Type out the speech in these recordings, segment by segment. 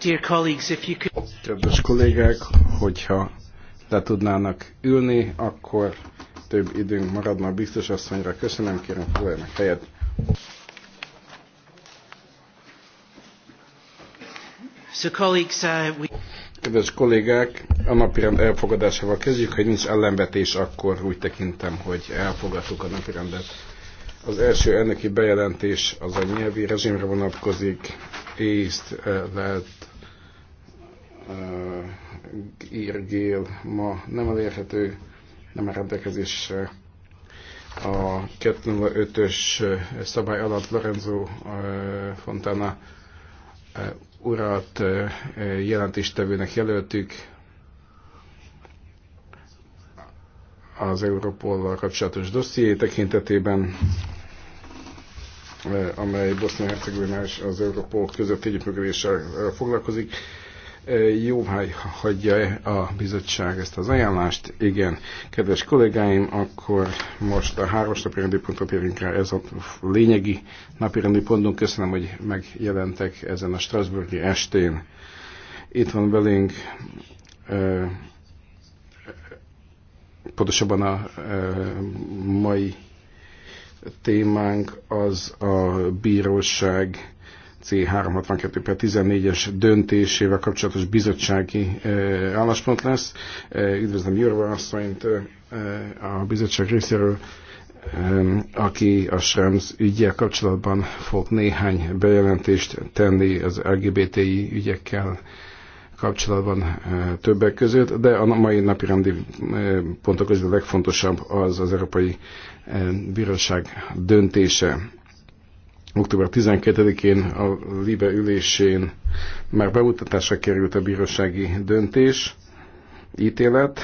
Kedves kollégák, hogyha le tudnának ülni, akkor több időnk maradna a biztos asszonyra. Köszönöm, kérem, foglaljanak helyet. So colleagues, uh, we... Kedves kollégák, a napirend elfogadásával kezdjük, ha nincs ellenvetés, akkor úgy tekintem, hogy elfogadtuk a napirendet. Az első elnöki bejelentés az a nyelvi rezsimre vonatkozik, észt, eh, lehet ír ma nem elérhető, nem a rendelkezésre a 205-ös szabály alatt Lorenzo Fontana urat jelentéstevőnek jelöltük az Európollal kapcsolatos dosszié tekintetében, amely Bosznia-Hercegovina és az Európol között együttműködéssel foglalkozik. Jó, hagyja a bizottság ezt az ajánlást? Igen, kedves kollégáim, akkor most a napi napirendi pontot érünk rá, ez a lényegi napirendi pontunk. Köszönöm, hogy megjelentek ezen a Strasburgi estén. Itt van velünk pontosabban a mai témánk az a bíróság C362 per 14-es döntésével kapcsolatos bizottsági álláspont lesz. Üdvözlöm Jurva asszonyt a bizottság részéről, aki a SREMS ügyel kapcsolatban fog néhány bejelentést tenni az LGBTI ügyekkel kapcsolatban többek között, de a mai napi rendi pontok közül a legfontosabb az az Európai Bíróság döntése október 12-én a LIBE ülésén már bemutatásra került a bírósági döntés, ítélet,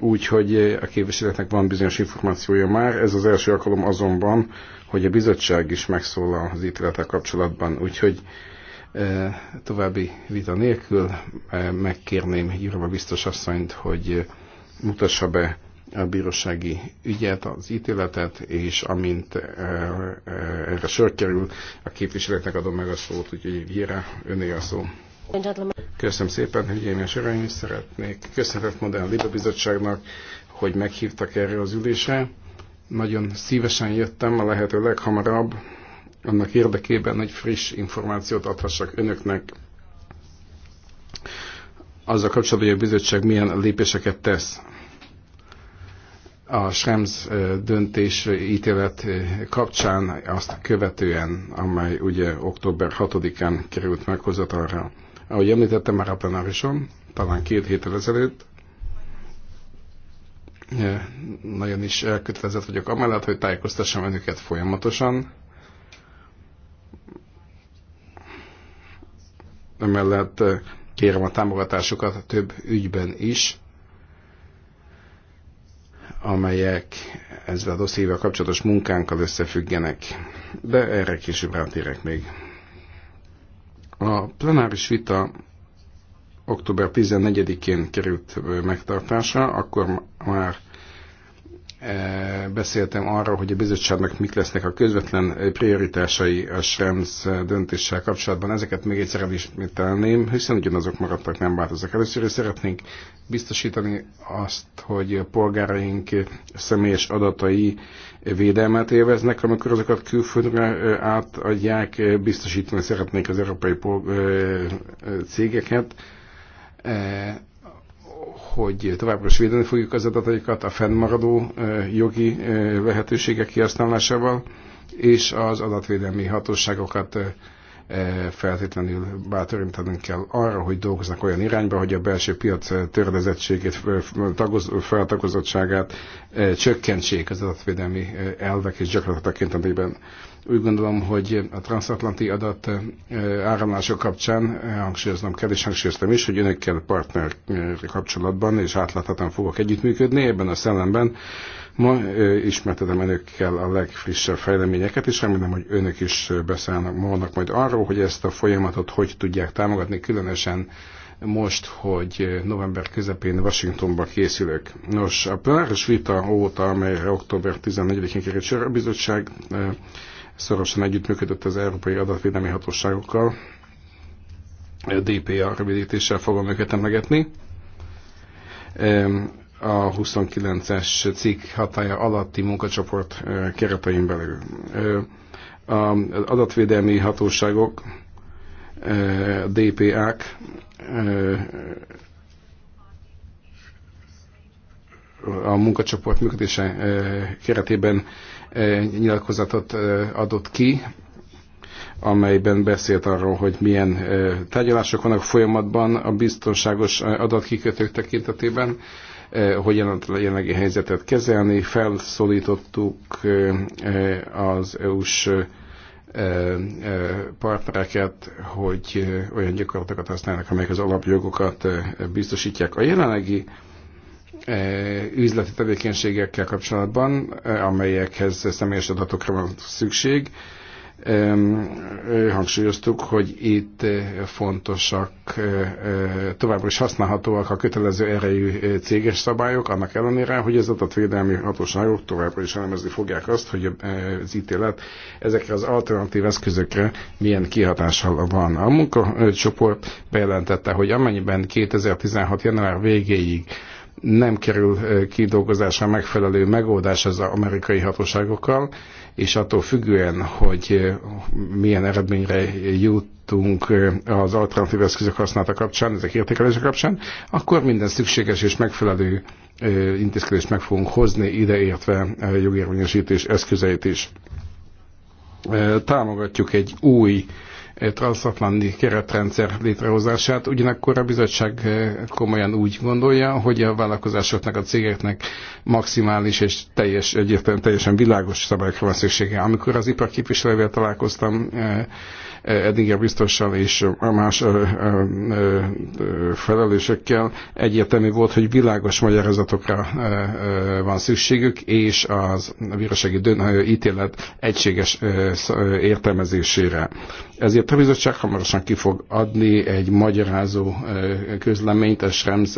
úgyhogy a képviseletnek van bizonyos információja már. Ez az első alkalom azonban, hogy a bizottság is megszólal az ítéletek kapcsolatban, úgyhogy további vita nélkül megkérném Jurva biztos asszonyt, hogy mutassa be a bírósági ügyet, az ítéletet, és amint eh, eh, erre sor kerül, a képviseletnek adom meg a szót, úgyhogy Vira, öné a szó. Köszönöm szépen, én és uraim, szeretnék köszönetet mondani a Libe Bizottságnak, hogy meghívtak erre az ülésre. Nagyon szívesen jöttem a lehető leghamarabb, annak érdekében, hogy friss információt adhassak önöknek azzal kapcsolatban, hogy a bizottság milyen lépéseket tesz a Schrems döntés ítélet kapcsán azt követően, amely ugye október 6-án került meghozatalra. Ahogy említettem már a plenárison, talán két héttel ezelőtt, nagyon is elkötelezett vagyok amellett, hogy tájékoztassam önöket folyamatosan. Emellett kérem a támogatásukat több ügyben is, amelyek ezzel a dosszével kapcsolatos munkánkkal összefüggenek, de erre később rátérek még. A plenáris vita október 14-én került megtartásra, akkor már Eh, beszéltem arról, hogy a bizottságnak mik lesznek a közvetlen prioritásai a SREMS eh, döntéssel kapcsolatban. Ezeket még egyszer elismételném, hiszen ugyanazok maradtak, nem változnak. Először is szeretnénk biztosítani azt, hogy a polgáraink személyes adatai védelmet élveznek, amikor azokat külföldre eh, átadják, biztosítani szeretnék az európai cégeket, hogy továbbra is védeni fogjuk az adataikat a fennmaradó jogi lehetőségek kihasználásával, és az adatvédelmi hatóságokat E, feltétlenül bátorítanunk kell arra, hogy dolgoznak olyan irányba, hogy a belső piac e, törlezettségét, e, feltakozottságát csökkentsék az adatvédelmi elvek és gyakorlatok tekintetében. Úgy gondolom, hogy a transatlanti adat áramlások kapcsán hangsúlyoznom kell, és hangsúlyoztam is, hogy önökkel partner kapcsolatban és átláthatóan fogok együttműködni ebben a szellemben Ma ismertetem önökkel a legfrissebb fejleményeket, és remélem, hogy önök is beszállnak magadnak majd arról, hogy ezt a folyamatot hogy tudják támogatni, különösen most, hogy november közepén Washingtonba készülök. Nos, a plenáris vita óta, amelyre október 14-én került sor, a bizottság szorosan együttműködött az Európai Adatvédelmi Hatóságokkal, a DPA rövidítéssel fogom őket emlegetni a 29-es cikk hatája alatti munkacsoport keretein belül. Az adatvédelmi hatóságok, DPA-k a munkacsoport működése keretében nyilatkozatot adott ki, amelyben beszélt arról, hogy milyen tárgyalások vannak folyamatban a biztonságos adatkikötők tekintetében Eh, hogy a jelenlegi helyzetet kezelni. Felszólítottuk eh, eh, az EU-s partnereket, hogy olyan gyakorlatokat használnak, amelyek az alapjogokat biztosítják. A jelenlegi üzleti tevékenységekkel kapcsolatban, amelyekhez személyes adatokra van szükség, hangsúlyoztuk, hogy itt fontosak, továbbra is használhatóak a kötelező erejű céges szabályok, annak ellenére, hogy az adatvédelmi hatóságok továbbra is elemezni fogják azt, hogy az ítélet ezekre az alternatív eszközökre milyen kihatással van. A munkacsoport bejelentette, hogy amennyiben 2016. január végéig nem kerül kidolgozásra megfelelő megoldás az amerikai hatóságokkal, és attól függően, hogy eh, milyen eredményre jutunk eh, az alternatív eszközök használata kapcsán, ezek értékelése kapcsán, akkor minden szükséges és megfelelő eh, intézkedést meg fogunk hozni, ideértve a jogérvényesítés eszközeit is. Támogatjuk egy új transatlanti keretrendszer létrehozását. Ugyanakkor a bizottság eh, komolyan úgy gondolja, hogy a vállalkozásoknak, a cégeknek maximális és teljes, egyértelműen teljesen világos szabályokra van szüksége. Amikor az iparképviselővel találkoztam, eh, Eddinger biztossal és más felelősökkel egyértelmű volt, hogy világos magyarázatokra van szükségük, és az bírósági ítélet egységes értelmezésére. Ezért a bizottság hamarosan ki fog adni egy magyarázó közleményt a Schrems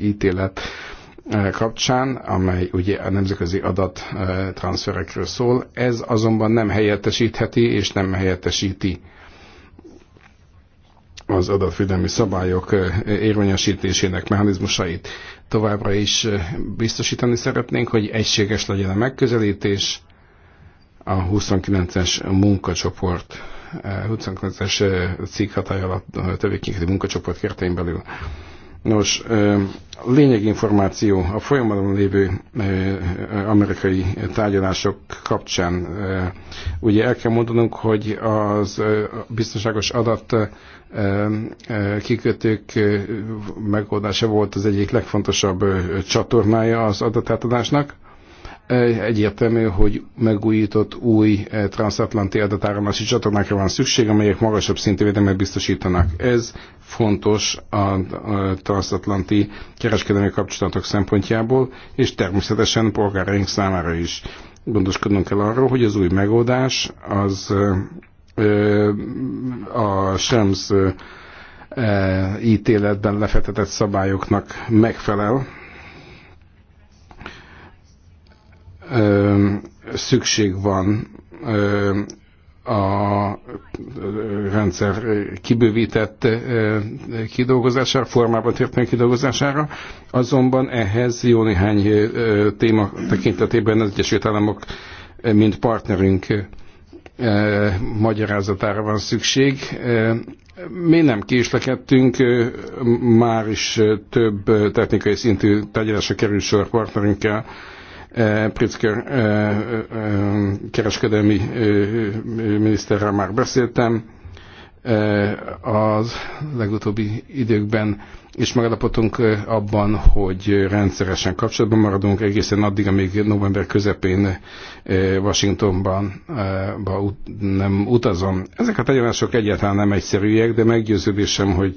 ítélet kapcsán, amely ugye a nemzetközi adattranszferekről szól. Ez azonban nem helyettesítheti és nem helyettesíti az adatvédelmi szabályok érvényesítésének mechanizmusait. Továbbra is biztosítani szeretnénk, hogy egységes legyen a megközelítés a 29-es munkacsoport, 29-es cikk hatály alatt tevékenykedő munkacsoport keretein belül. Nos, lényeginformáció a folyamatban lévő amerikai tárgyalások kapcsán. Ugye el kell mondanunk, hogy az biztonságos adat kikötők megoldása volt az egyik legfontosabb csatornája az adatátadásnak. Egyértelmű, hogy megújított új eh, transatlanti adatáramlási csatornákra van szükség, amelyek magasabb szintű védelmet biztosítanak. Ez fontos a transatlanti kereskedelmi kapcsolatok szempontjából, és természetesen polgáraink számára is. Gondoskodnunk kell arról, hogy az új megoldás az eh, eh, a SEMS ítéletben lefektetett szabályoknak megfelel, szükség van a rendszer kibővített kidolgozására, formában történő kidolgozására, azonban ehhez jó néhány téma tekintetében az Egyesült Államok, mint partnerünk magyarázatára van szükség. Mi nem késlekedtünk, már is több technikai szintű tárgyalásra kerül sor partnerünkkel, Eh, Pritzker eh, eh, kereskedelmi miniszterrel már beszéltem, az legutóbbi időkben, és megállapodtunk abban, hogy rendszeresen kapcsolatban maradunk egészen addig, amíg november közepén Washingtonban nem utazom. Ezek a tegyelások egyáltalán nem egyszerűek, de meggyőződésem, hogy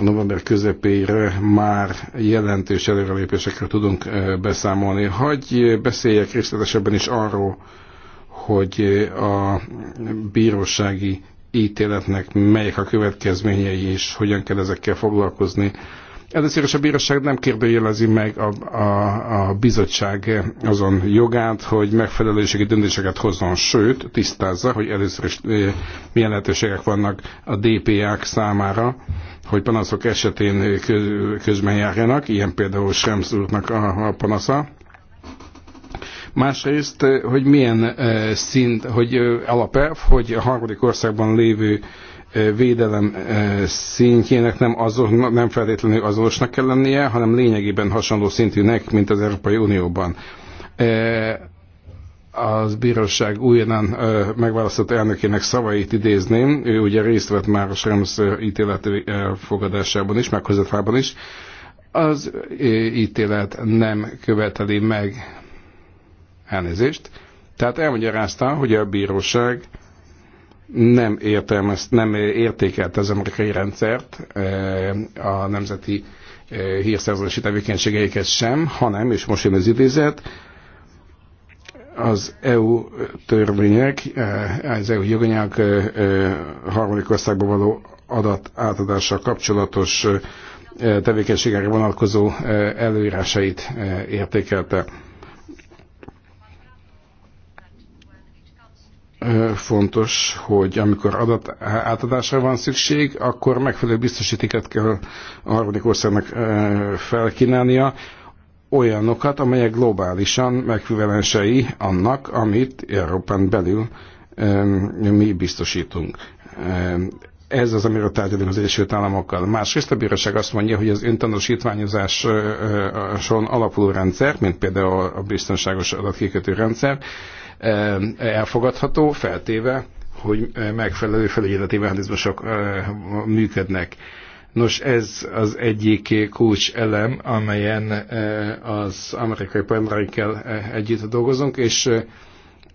november közepére már jelentős előrelépésekről tudunk beszámolni. Hagy beszéljek részletesebben is arról, hogy a bírósági ítéletnek melyek a következményei, és hogyan kell ezekkel foglalkozni Először is a bíróság nem kérdőjelezi meg a, a, a bizottság azon jogát, hogy megfelelőségi döntéseket hozzon, sőt, tisztázza, hogy először is milyen lehetőségek vannak a DPA-k számára, hogy panaszok esetén közben járjanak, ilyen például Schrems úrnak a, a panasza, Másrészt, hogy milyen szint, hogy alapelv, hogy a harmadik országban lévő védelem eh, szintjének nem, azon, nem feltétlenül azonosnak kell lennie, hanem lényegében hasonló szintűnek, mint az Európai Unióban. Eh, az bíróság újonnan eh, megválasztott elnökének szavait idézném, ő ugye részt vett már a Schrems ítélet fogadásában is, meghozatában is, az ítélet nem követeli meg elnézést, tehát elmagyarázta, hogy a bíróság nem, értelmez nem értékelt az amerikai rendszert, eh, a nemzeti eh, hírszerzési tevékenységeiket sem, hanem, és most jön az idézet, az EU törvények, eh, az EU joganyák harmadik országban való adat átadással kapcsolatos tevékenységekre vonatkozó előírásait értékelte. fontos, hogy amikor adat átadásra van szükség, akkor megfelelő biztosítéket kell a harmadik országnak felkínálnia, olyanokat, amelyek globálisan megfüvelensei annak, amit Európán belül mi biztosítunk. Ez az, amiről tárgyalunk az Egyesült Államokkal. Másrészt a bíróság azt mondja, hogy az öntanúsítványozáson alapuló rendszer, mint például a biztonságos adatkikötő rendszer, Eh, elfogadható, feltéve, hogy eh, megfelelő felügyeleti mechanizmusok eh, működnek. Nos, ez az egyik kulcs elem, amelyen az amerikai partnereinkkel együtt dolgozunk, és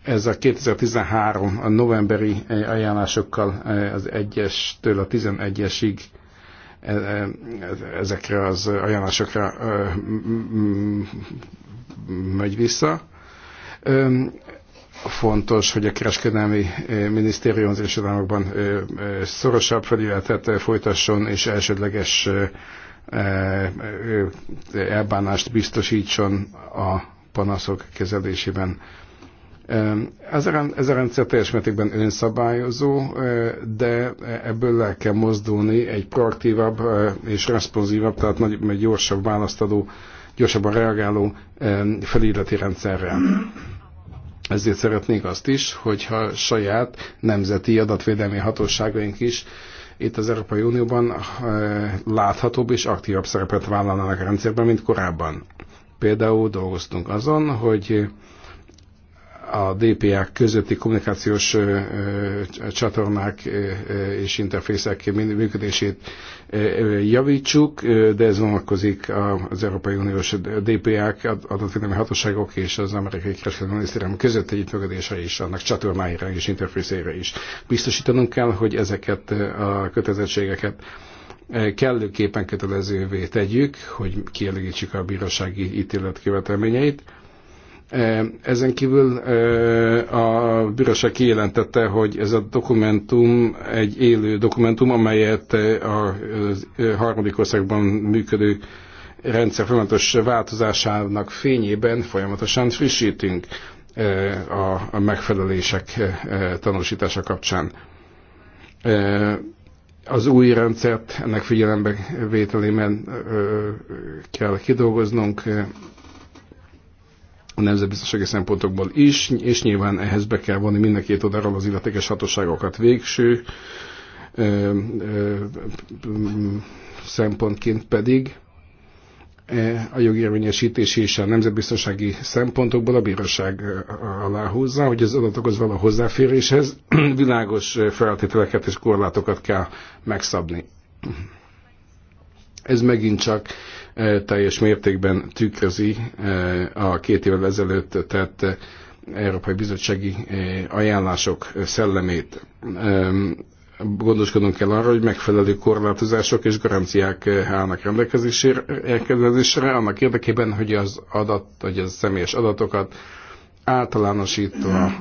ez a 2013 a novemberi ajánlásokkal az 1-től a 11-esig ezekre az ajánlásokra megy vissza fontos, hogy a kereskedelmi eh, minisztérium az Egyesült Államokban eh, eh, szorosabb felületet folytasson, és elsődleges elbánást biztosítson a panaszok kezelésében. Ez a, ez a rendszer teljes mértékben önszabályozó, de ebből le kell mozdulni egy proaktívabb és responsívabb, tehát nagy, gyorsabb választadó, gyorsabban reagáló felületi rendszerrel ezért szeretnék azt is, hogyha saját nemzeti adatvédelmi hatóságaink is itt az Európai Unióban eh, láthatóbb és aktívabb szerepet vállalnának a rendszerben, mint korábban. Például dolgoztunk azon, hogy a DPA közötti kommunikációs csatornák és interfészek működését javítsuk, de ez vonatkozik az Európai Uniós DPA-k, adatvédelmi hatóságok és az amerikai kereskedelmi minisztérium között együttműködésre is, annak csatornáira és interfészére is. Biztosítanunk kell, hogy ezeket a kötelezettségeket kellőképpen kötelezővé tegyük, hogy kielégítsük a bírósági ítélet követelményeit ezen kívül a bíróság kijelentette, hogy ez a dokumentum egy élő dokumentum, amelyet a harmadik országban működő rendszer folyamatos változásának fényében folyamatosan frissítünk a megfelelések tanúsítása kapcsán. Az új rendszert ennek figyelembe vételében kell kidolgoznunk, a nemzetbiztonsági szempontokból is, és nyilván ehhez be kell vonni mind a két oldalról az illetékes hatóságokat végső ö, ö, szempontként pedig e, a jogi és a nemzetbiztonsági szempontokból a bíróság alá húzza, hogy az adatokhoz való hozzáféréshez világos feltételeket és korlátokat kell megszabni. Ez megint csak teljes mértékben tükrözi a két évvel ezelőtt tett Európai Bizottsági ajánlások szellemét. Gondoskodunk kell arra, hogy megfelelő korlátozások és garanciák állnak rendelkezésre, annak érdekében, hogy az adat, hogy az személyes adatokat általánosítva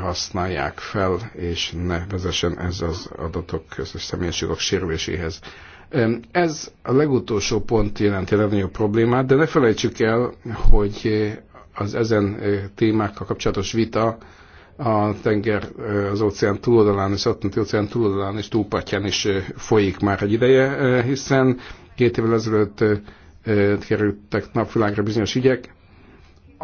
használják fel, és ne vezessen ez az adatok közös személyes jogok sérüléséhez. Ez a legutolsó pont jelenti a legnagyobb problémát, de ne felejtsük el, hogy eh, az ezen eh, témákkal kapcsolatos vita a tenger, eh, az óceán túloldalán és Atlanti óceán túloldalán és túlpartján is folyik már egy ideje, hiszen két évvel ezelőtt kerültek napvilágra bizonyos ügyek,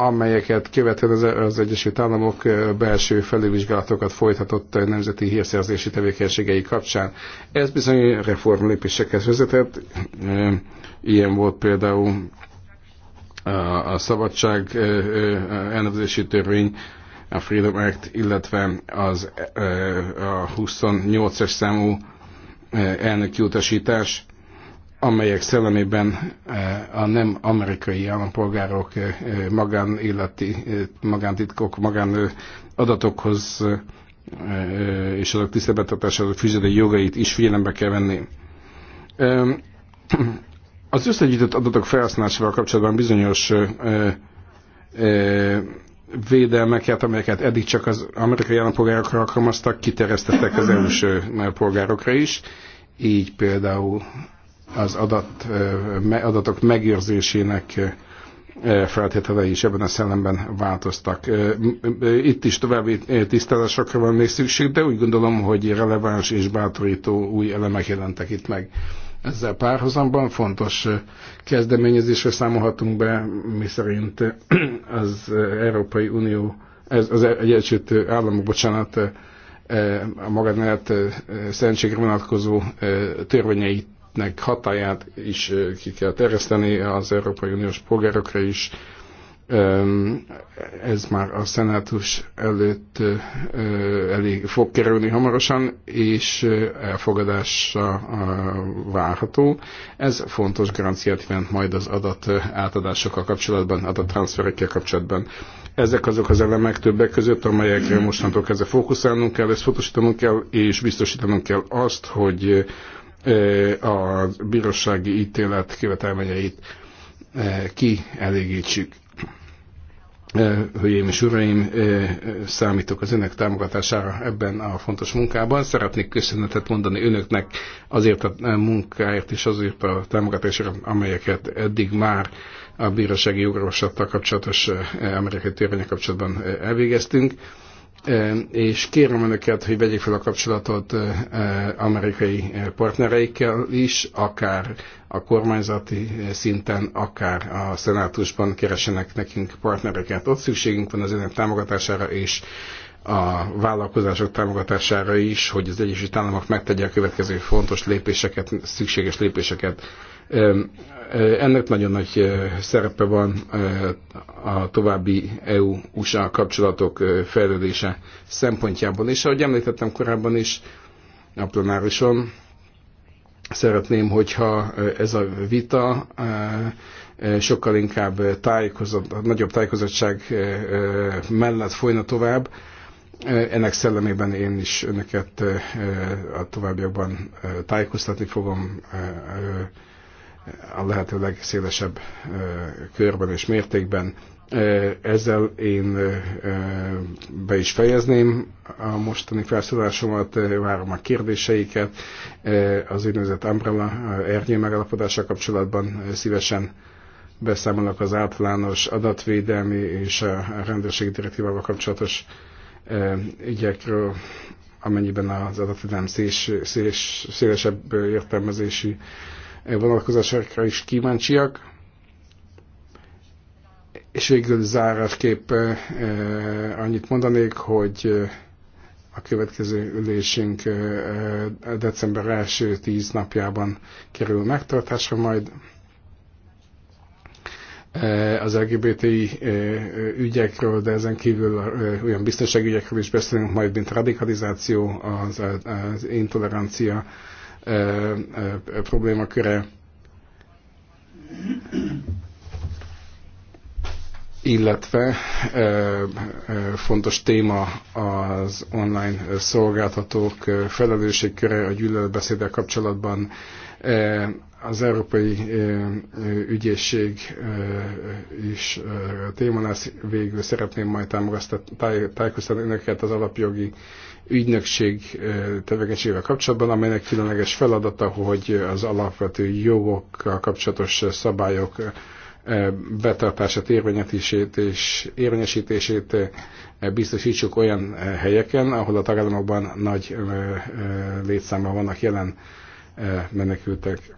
amelyeket követően az Egyesült Államok belső felülvizsgálatokat folytatott nemzeti hírszerzési tevékenységei kapcsán. Ez bizony reform vezetett. Ilyen volt például a szabadság elnevezési törvény, a Freedom Act, illetve az, a 28-es számú elnöki utasítás amelyek szellemében eh, a nem amerikai állampolgárok eh, magánéleti, eh, magántitkok, magán adatokhoz és azok tisztebetartásához fűződő jogait is figyelembe kell venni. Az összegyűjtött adatok felhasználásával kapcsolatban bizonyos védelmeket, amelyeket eddig csak az amerikai állampolgárokra alkalmaztak, kiterjesztettek az EU-s polgárokra is. Így például az adat, adatok megőrzésének feltételei is ebben a szellemben változtak. Itt is további tisztázásokra van még szükség, de úgy gondolom, hogy releváns és bátorító új elemek jelentek itt meg. Ezzel párhuzamban fontos kezdeményezésre számolhatunk be, miszerint az Európai Unió, ez az Egyesült Államok, bocsánat, a magánélet szentségre vonatkozó törvényeit nek hatáját is ki kell terjeszteni az Európai Uniós polgárokra is. Ez már a szenátus előtt elég fog kerülni hamarosan, és elfogadása várható. Ez fontos garanciát jelent majd az adat átadásokkal kapcsolatban, adattranszferekkel kapcsolatban. Ezek azok az elemek többek között, amelyekre mostantól kezdve fókuszálnunk kell, ezt fontosítanunk kell, és biztosítanunk kell azt, hogy a bírósági ítélet követelményeit kielégítsük. Hölgyeim és Uraim, számítok az önök támogatására ebben a fontos munkában. Szeretnék köszönetet mondani önöknek azért a munkáért és azért a támogatásért, amelyeket eddig már a bírósági jogorvoslattal kapcsolatos amerikai törvények kapcsolatban elvégeztünk és kérem önöket, hogy vegyék fel a kapcsolatot amerikai partnereikkel is, akár a kormányzati szinten, akár a szenátusban keresenek nekünk partnereket. Ott szükségünk van az önök támogatására és a vállalkozások támogatására is, hogy az Egyesült Államok megtegye a következő fontos lépéseket, szükséges lépéseket ennek nagyon nagy szerepe van a további EU-USA kapcsolatok fejlődése szempontjából. És ahogy említettem korábban is, a plenárison szeretném, hogyha ez a vita sokkal inkább tájékozott, nagyobb tájékozottság mellett folyna tovább. Ennek szellemében én is önöket a továbbiakban tájékoztatni fogom a lehető legszélesebb körben és mértékben. Ezzel én be is fejezném a mostani felszólásomat, várom a kérdéseiket. Az úgynevezett Umbrella ernyő megalapodása kapcsolatban szívesen beszámolnak az általános adatvédelmi és a rendőrségi direktívával kapcsolatos ügyekről, amennyiben az adatvédelmi széles szélesebb értelmezési vonatkozásokra is kíváncsiak. És végül zárásképp eh, eh, annyit mondanék, hogy eh, a következő ülésünk december első tíz napjában kerül megtartásra majd. Az LGBTI ügyekről, de ezen kívül olyan biztonsági ügyekről is beszélünk majd, mint radikalizáció, az, az intolerancia, problémaköre, illetve fontos téma az online szolgáltatók felelősségköre a gyűlöletbeszéddel kapcsolatban E, az Európai e, e, Ügyészség is téma lesz. Végül szeretném majd tájékoztatni önöket az alapjogi ügynökség tevékenységével kapcsolatban, amelynek különleges feladata, hogy az alapvető jogokkal kapcsolatos szabályok betartását, érvényesítését, érvényesítését biztosítsuk olyan helyeken, ahol a tagállamokban nagy létszámban vannak jelen E, menekültek.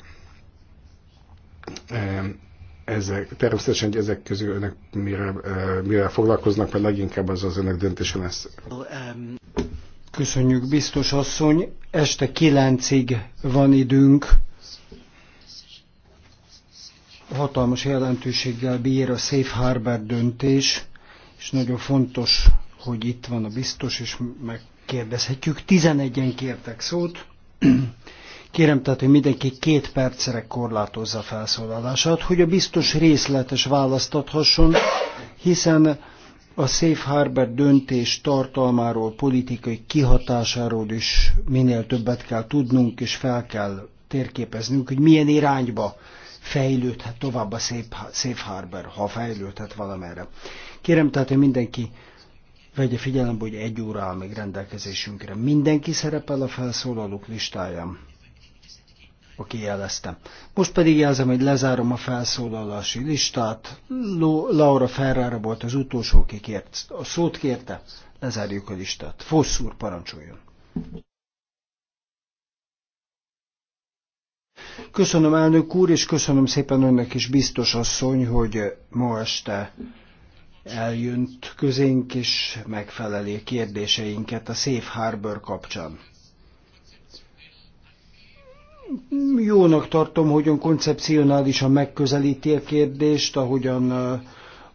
E, ezek, természetesen, hogy ezek közül önök mire, e, mire foglalkoznak, mert leginkább az az önök döntése lesz. Köszönjük, biztos asszony. Este kilencig van időnk. Hatalmas jelentőséggel bír a Safe Harbor döntés, és nagyon fontos, hogy itt van a biztos, és megkérdezhetjük. Tizenegyen kértek szót. Kérem tehát, hogy mindenki két percre korlátozza a felszólalását, hogy a biztos részletes választathasson, hiszen a Safe Harbor döntés tartalmáról, politikai kihatásáról is minél többet kell tudnunk, és fel kell térképeznünk, hogy milyen irányba fejlődhet tovább a Safe Harbor, ha fejlődhet valamerre. Kérem tehát, hogy mindenki vegye figyelembe, hogy egy óra áll még rendelkezésünkre. Mindenki szerepel a felszólalók listáján aki jelezte. Most pedig jelzem, hogy lezárom a felszólalási listát. Laura Ferrara volt az utolsó, aki kért. A szót kérte, lezárjuk a listát. Fossz úr, parancsoljon! Köszönöm elnök úr, és köszönöm szépen önnek is, biztos asszony, hogy ma este eljönt közénk, és megfeleli kérdéseinket a Safe Harbor kapcsán jónak tartom, hogyan koncepcionálisan megközelíti a kérdést, ahogyan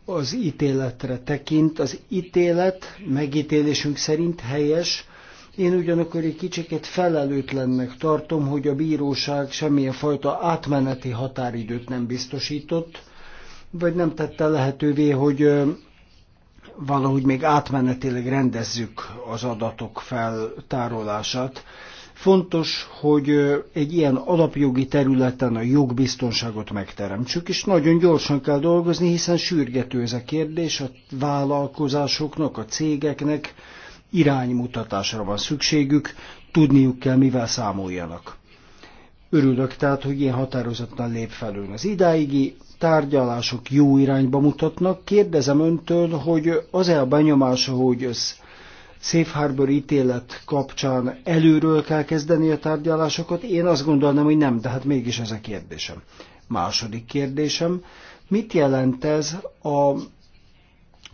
az ítéletre tekint. Az ítélet megítélésünk szerint helyes, én ugyanakkor egy kicsiket felelőtlennek tartom, hogy a bíróság semmilyen fajta átmeneti határidőt nem biztosított, vagy nem tette lehetővé, hogy valahogy még átmenetileg rendezzük az adatok feltárolását. Fontos, hogy egy ilyen alapjogi területen a jogbiztonságot megteremtsük, és nagyon gyorsan kell dolgozni, hiszen sürgető ez a kérdés a vállalkozásoknak, a cégeknek, iránymutatásra van szükségük, tudniuk kell, mivel számoljanak. Örülök tehát, hogy ilyen határozottan lép felőn. Az idáigi tárgyalások jó irányba mutatnak. Kérdezem öntől, hogy az-e a benyomása, hogy az Safe Harbor ítélet kapcsán előről kell kezdeni a tárgyalásokat? Én azt gondolnám, hogy nem, de hát mégis ez a kérdésem. Második kérdésem, mit jelent ez a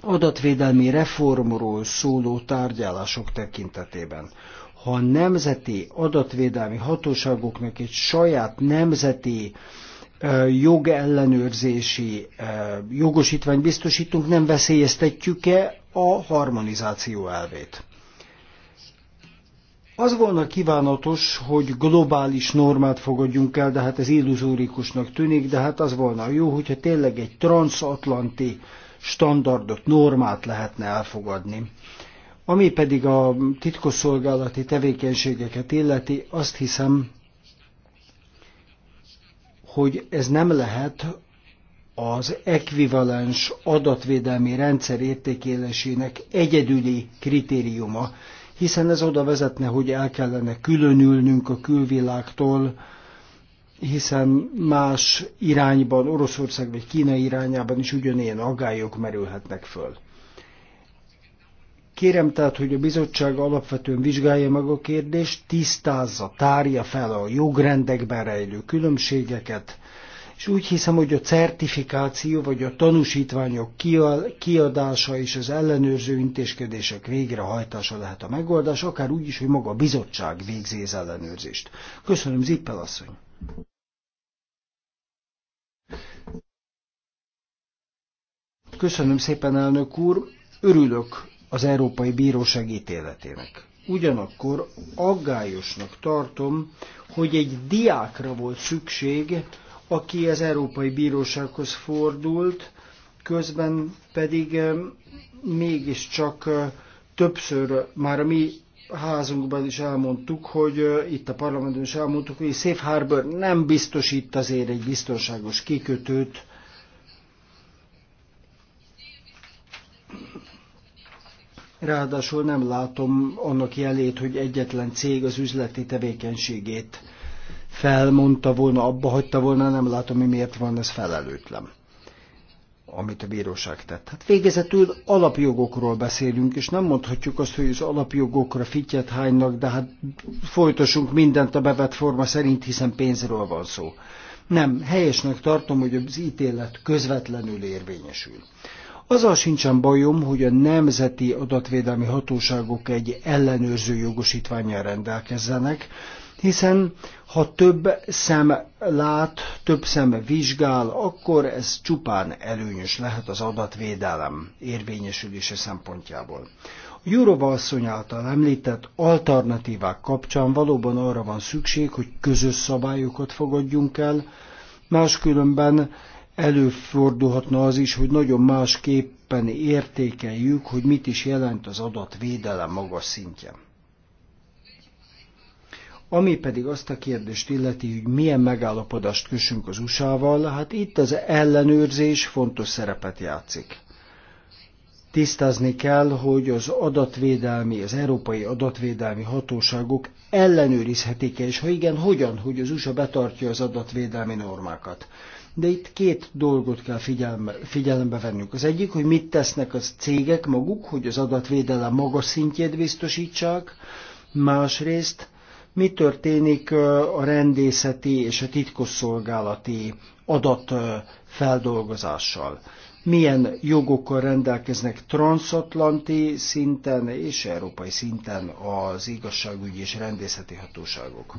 adatvédelmi reformról szóló tárgyalások tekintetében? Ha a nemzeti adatvédelmi hatóságoknak egy saját nemzeti jogellenőrzési jogosítványt biztosítunk, nem veszélyeztetjük-e a harmonizáció elvét. Az volna kívánatos, hogy globális normát fogadjunk el, de hát ez illuzórikusnak tűnik, de hát az volna jó, hogyha tényleg egy transatlanti standardot, normát lehetne elfogadni. Ami pedig a titkosszolgálati tevékenységeket illeti, azt hiszem, hogy ez nem lehet az ekvivalens adatvédelmi rendszer értékélésének egyedüli kritériuma, hiszen ez oda vezetne, hogy el kellene különülnünk a külvilágtól, hiszen más irányban, Oroszország vagy Kína irányában is ugyanilyen agályok merülhetnek föl. Kérem tehát, hogy a bizottság alapvetően vizsgálja meg a kérdést, tisztázza, tárja fel a jogrendekben rejlő különbségeket, és úgy hiszem, hogy a certifikáció vagy a tanúsítványok kiadása és az ellenőrző intézkedések végrehajtása lehet a megoldás, akár úgy is, hogy maga a bizottság végzi az ellenőrzést. Köszönöm, Zippel asszony! Köszönöm szépen, elnök úr! Örülök az Európai Bíróság ítéletének. Ugyanakkor aggályosnak tartom, hogy egy diákra volt szükség, aki az Európai Bírósághoz fordult, közben pedig eh, mégiscsak eh, többször már a mi házunkban is elmondtuk, hogy eh, itt a parlamentben is elmondtuk, hogy Safe Harbor nem biztosít azért egy biztonságos kikötőt, Ráadásul nem látom annak jelét, hogy egyetlen cég az üzleti tevékenységét felmondta volna, abba hagyta volna, nem látom, hogy miért van ez felelőtlen amit a bíróság tett. Hát végezetül alapjogokról beszélünk, és nem mondhatjuk azt, hogy az alapjogokra fityet hánynak, de hát folytassunk mindent a bevett forma szerint, hiszen pénzről van szó. Nem, helyesnek tartom, hogy az ítélet közvetlenül érvényesül. Azzal sincsen bajom, hogy a nemzeti adatvédelmi hatóságok egy ellenőrző jogosítványjal rendelkezzenek, hiszen ha több szem lát, több szem vizsgál, akkor ez csupán előnyös lehet az adatvédelem érvényesülése szempontjából. A Jurova asszony által említett alternatívák kapcsán valóban arra van szükség, hogy közös szabályokat fogadjunk el, máskülönben előfordulhatna az is, hogy nagyon másképpen értékeljük, hogy mit is jelent az adatvédelem magas szintje. Ami pedig azt a kérdést illeti, hogy milyen megállapodást kössünk az USA-val, hát itt az ellenőrzés fontos szerepet játszik. Tisztázni kell, hogy az adatvédelmi, az európai adatvédelmi hatóságok ellenőrizhetik-e, és ha igen, hogyan, hogy az USA betartja az adatvédelmi normákat. De itt két dolgot kell figyelme, figyelembe vennünk. Az egyik, hogy mit tesznek az cégek maguk, hogy az adatvédelem magas szintjét biztosítsák, másrészt mi történik a rendészeti és a titkosszolgálati adatfeldolgozással. Milyen jogokkal rendelkeznek transatlanti szinten és európai szinten az igazságügyi és rendészeti hatóságok.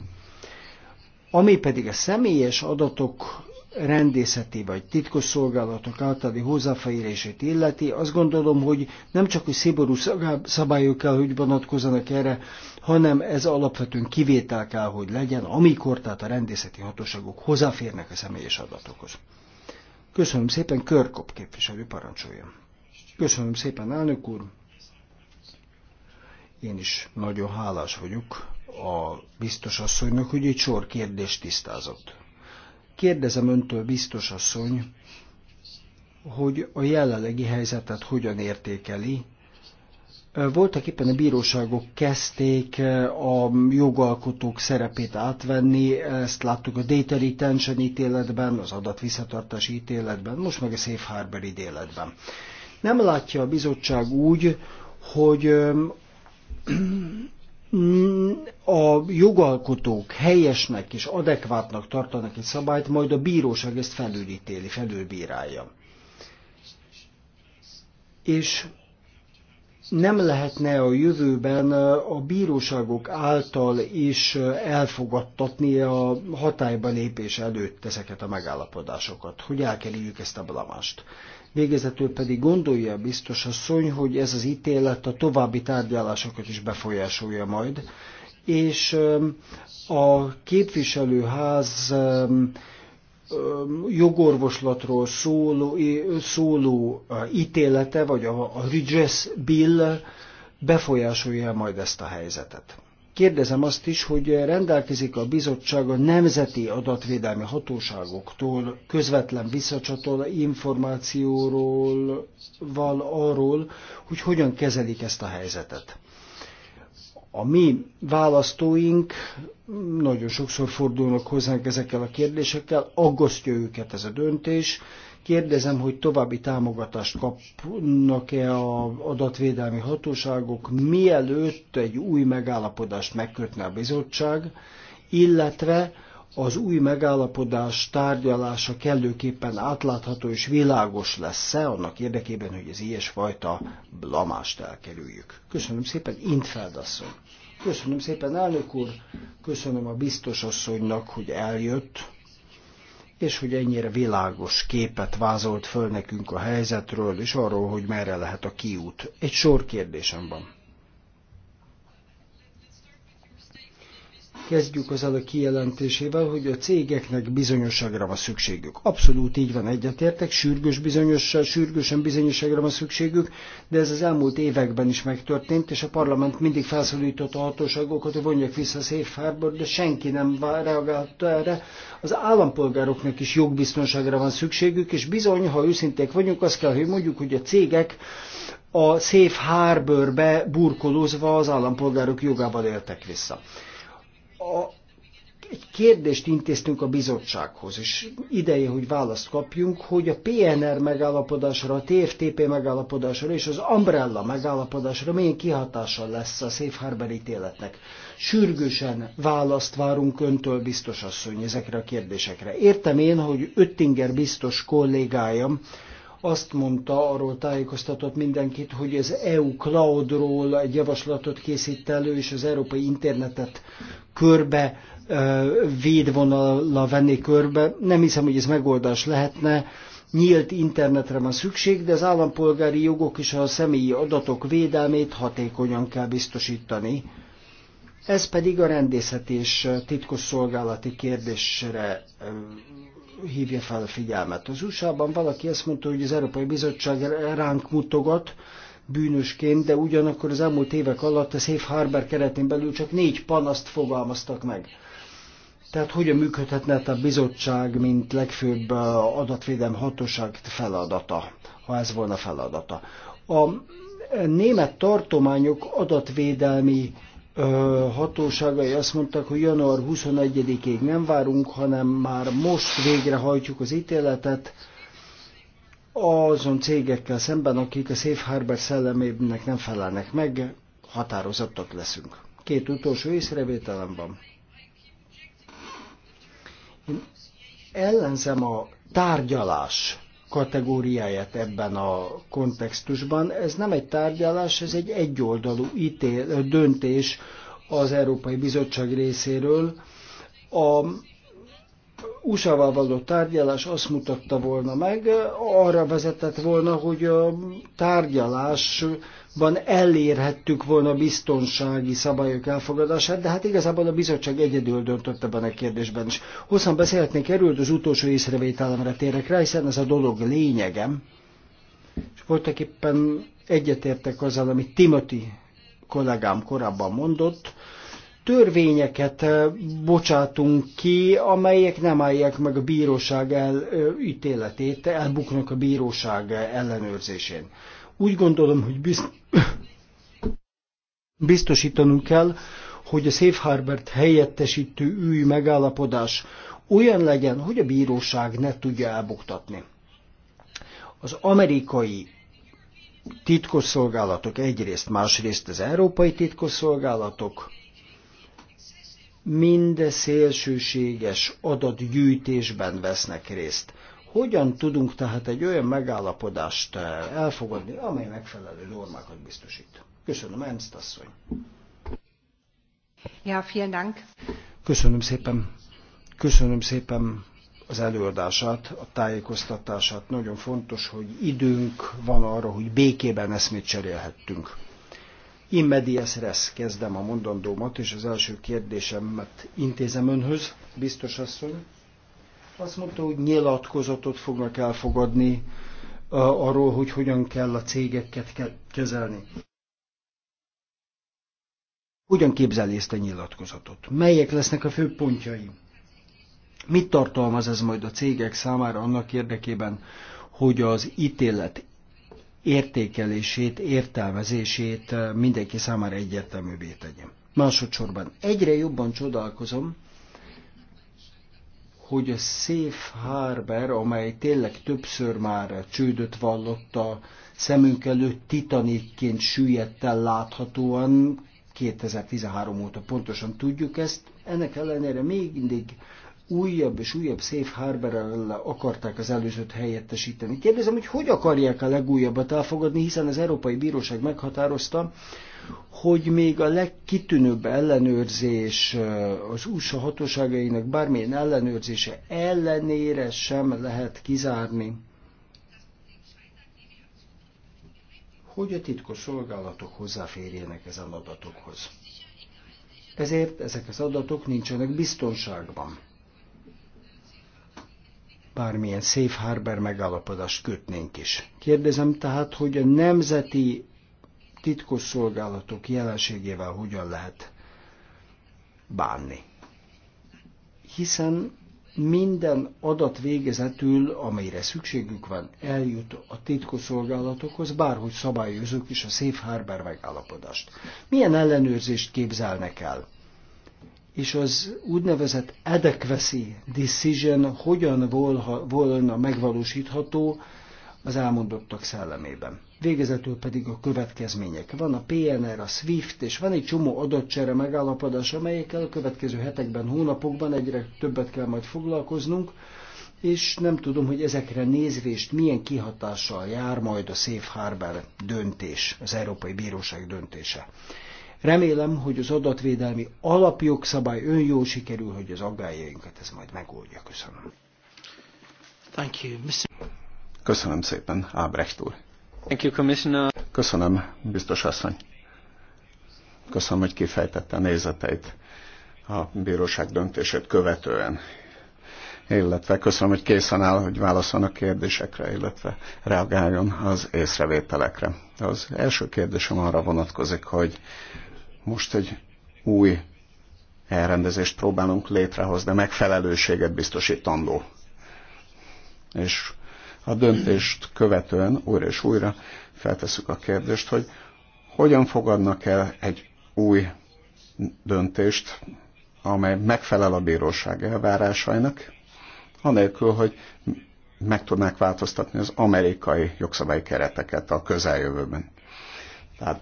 Ami pedig a személyes adatok rendészeti vagy titkos szolgálatok általi hozzáférését illeti, azt gondolom, hogy nem csak hogy szigorú szabályok kell, hogy vonatkozzanak erre, hanem ez alapvetően kivétel kell, hogy legyen, amikor tehát a rendészeti hatóságok hozzáférnek a személyes adatokhoz. Köszönöm szépen, Körkop képviselő parancsolja. Köszönöm szépen, elnök úr. Én is nagyon hálás vagyok a biztos asszonynak, hogy egy sor kérdést tisztázott. Kérdezem öntől, biztos asszony, hogy a jelenlegi helyzetet hogyan értékeli. Voltak éppen a bíróságok kezdték eh, a jogalkotók szerepét átvenni, ezt láttuk a data retention ítéletben, az adatvisszatartási ítéletben, most meg a safe harbor ítéletben. Nem látja a bizottság úgy, hogy eh, a jogalkotók helyesnek és adekvátnak tartanak egy szabályt, majd a bíróság ezt felülítéli, felülbírálja. És nem lehetne a jövőben a bíróságok által is elfogadtatni a hatályba lépés előtt ezeket a megállapodásokat, hogy elkerüljük ezt a blamást. Végezetül pedig gondolja biztos asszony, hogy ez az ítélet a további tárgyalásokat is befolyásolja majd, és a képviselőház jogorvoslatról szóló, szóló ítélete, vagy a redress bill befolyásolja majd ezt a helyzetet. Kérdezem azt is, hogy rendelkezik a bizottság a nemzeti adatvédelmi hatóságoktól közvetlen visszacsatol információról, val arról, hogy hogyan kezelik ezt a helyzetet. A mi választóink nagyon sokszor fordulnak hozzánk ezekkel a kérdésekkel, aggasztja őket ez a döntés. Kérdezem, hogy további támogatást kapnak-e a adatvédelmi hatóságok, mielőtt egy új megállapodást megkötne a bizottság, illetve az új megállapodás tárgyalása kellőképpen átlátható és világos lesz-e annak érdekében, hogy az ilyesfajta blamást elkerüljük. Köszönöm szépen, Intfeld asszony. Köszönöm szépen, elnök úr, köszönöm a biztos asszonynak, hogy eljött, és hogy ennyire világos képet vázolt föl nekünk a helyzetről, és arról, hogy merre lehet a kiút. Egy sor kérdésem van. Kezdjük az előbb kijelentésével, hogy a cégeknek bizonyosságra van szükségük. Abszolút így van, egyetértek, sürgős bizonyossá, sürgősen bizonyosságra van szükségük, de ez az elmúlt években is megtörtént, és a parlament mindig felszólította a hatóságokat, hogy vonják vissza a Safe Harbor, de senki nem reagálta erre. Az állampolgároknak is jogbiztonságra van szükségük, és bizony, ha őszinték vagyunk, azt kell, hogy mondjuk, hogy a cégek a Safe Harbor-be burkolózva az állampolgárok jogával éltek vissza a, egy kérdést intéztünk a bizottsághoz, és ideje, hogy választ kapjunk, hogy a PNR megállapodásra, a TFTP megállapodásra és az Umbrella megállapodásra milyen kihatással lesz a Safe Harbor ítéletnek. Sürgősen választ várunk öntől, biztos asszony, ezekre a kérdésekre. Értem én, hogy Öttinger biztos kollégája azt mondta, arról tájékoztatott mindenkit, hogy az EU Cloudról egy javaslatot készít elő, és az európai internetet körbe védvonala venni körbe. Nem hiszem, hogy ez megoldás lehetne. Nyílt internetre van szükség, de az állampolgári jogok és a személyi adatok védelmét hatékonyan kell biztosítani. Ez pedig a rendészeti és titkos szolgálati kérdésre hívja fel a figyelmet. Az USA-ban valaki azt mondta, hogy az Európai Bizottság ránk mutogat, bűnösként, de ugyanakkor az elmúlt évek alatt a Safe Harbor keretén belül csak négy panaszt fogalmaztak meg. Tehát hogyan működhetne hát a bizottság, mint legfőbb adatvédelmi hatóság feladata, ha ez volna feladata. A német tartományok adatvédelmi hatóságai azt mondták, hogy január 21-ig nem várunk, hanem már most végrehajtjuk az ítéletet, azon cégekkel szemben, akik a Safe Harbor szellemének nem felelnek meg, határozottak leszünk. Két utolsó észrevételem van. Én ellenzem a tárgyalás kategóriáját ebben a kontextusban. Ez nem egy tárgyalás, ez egy egyoldalú ítél, döntés az Európai Bizottság részéről. A USA-val való tárgyalás azt mutatta volna meg, arra vezetett volna, hogy a tárgyalásban elérhettük volna biztonsági szabályok elfogadását, de hát igazából a bizottság egyedül döntött ebben a kérdésben is. Hosszan beszélhetnék erről, az utolsó észrevételemre térek rá, hiszen ez a dolog lényegem. És voltak éppen egyetértek azzal, amit Timothy kollégám korábban mondott, törvényeket bocsátunk ki, amelyek nem állják meg a bíróság el, ítéletét, elbuknak a bíróság ellenőrzésén. Úgy gondolom, hogy biztosítanunk kell, hogy a Safe harbor helyettesítő új megállapodás olyan legyen, hogy a bíróság ne tudja elbuktatni. Az amerikai titkosszolgálatok egyrészt, másrészt az európai titkosszolgálatok mind szélsőséges adatgyűjtésben vesznek részt. Hogyan tudunk tehát egy olyan megállapodást eh, elfogadni, amely megfelelő normákat biztosít? Köszönöm, Ernst asszony. Ja, vielen Dank. Köszönöm szépen. Köszönöm szépen az előadását, a tájékoztatását. Nagyon fontos, hogy időnk van arra, hogy békében eszmét cserélhettünk. In kezdem a mondandómat, és az első kérdésemet intézem önhöz, biztos asszony. Azt mondta, hogy nyilatkozatot fognak elfogadni arról, hogy hogyan kell a cégeket kezelni. Hogyan képzeli ezt a nyilatkozatot? Melyek lesznek a fő pontjai? Mit tartalmaz ez majd a cégek számára annak érdekében, hogy az ítélet értékelését, értelmezését eh, mindenki számára egyértelművé tegyem. Másodszorban egyre jobban csodálkozom, hogy a Safe Harbor, amely tényleg többször már csődöt vallotta, szemünk előtt titanikként süllyedt el láthatóan, 2013 óta pontosan tudjuk ezt, ennek ellenére még mindig újabb és újabb safe harbor akarták az előzőt helyettesíteni. Kérdezem, hogy hogy akarják a legújabbat elfogadni, hiszen az Európai Bíróság meghatározta, hogy még a legkitűnőbb ellenőrzés az USA hatóságainak bármilyen ellenőrzése ellenére sem lehet kizárni, hogy a titkos szolgálatok hozzáférjenek ezen adatokhoz. Ezért ezek az adatok nincsenek biztonságban bármilyen safe harbor megállapodást kötnénk is. Kérdezem tehát, hogy a nemzeti titkosszolgálatok jelenségével hogyan lehet bánni. Hiszen minden adat végezetül, amelyre szükségük van, eljut a titkosszolgálatokhoz, bárhogy szabályozók is a Safe Harbor megállapodást. Milyen ellenőrzést képzelnek el? és az úgynevezett adequacy decision hogyan volna megvalósítható az elmondottak szellemében. Végezetül pedig a következmények. Van a PNR, a SWIFT, és van egy csomó adatcsere megállapodás, amelyekkel a következő hetekben, hónapokban egyre többet kell majd foglalkoznunk, és nem tudom, hogy ezekre nézvést milyen kihatással jár majd a Safe Harbor döntés, az Európai Bíróság döntése. Remélem, hogy az adatvédelmi alapjogszabály önjó sikerül, hogy az aggájainkat ez majd megoldja. Köszönöm. Thank you, Mr. Köszönöm szépen, Ábrecht úr. Thank you, Commissioner. Köszönöm, biztos asszony. Köszönöm, hogy kifejtette a nézeteit a bíróság döntését követően, illetve köszönöm, hogy készen áll, hogy válaszol a kérdésekre, illetve reagáljon az észrevételekre. Az első kérdésem arra vonatkozik, hogy most egy új elrendezést próbálunk létrehozni, megfelelőséget biztosítandó. És a döntést követően újra és újra feltesszük a kérdést, hogy hogyan fogadnak el egy új döntést, amely megfelel a bíróság elvárásainak, anélkül, hogy meg tudnák változtatni az amerikai jogszabályi kereteket a közeljövőben. Tehát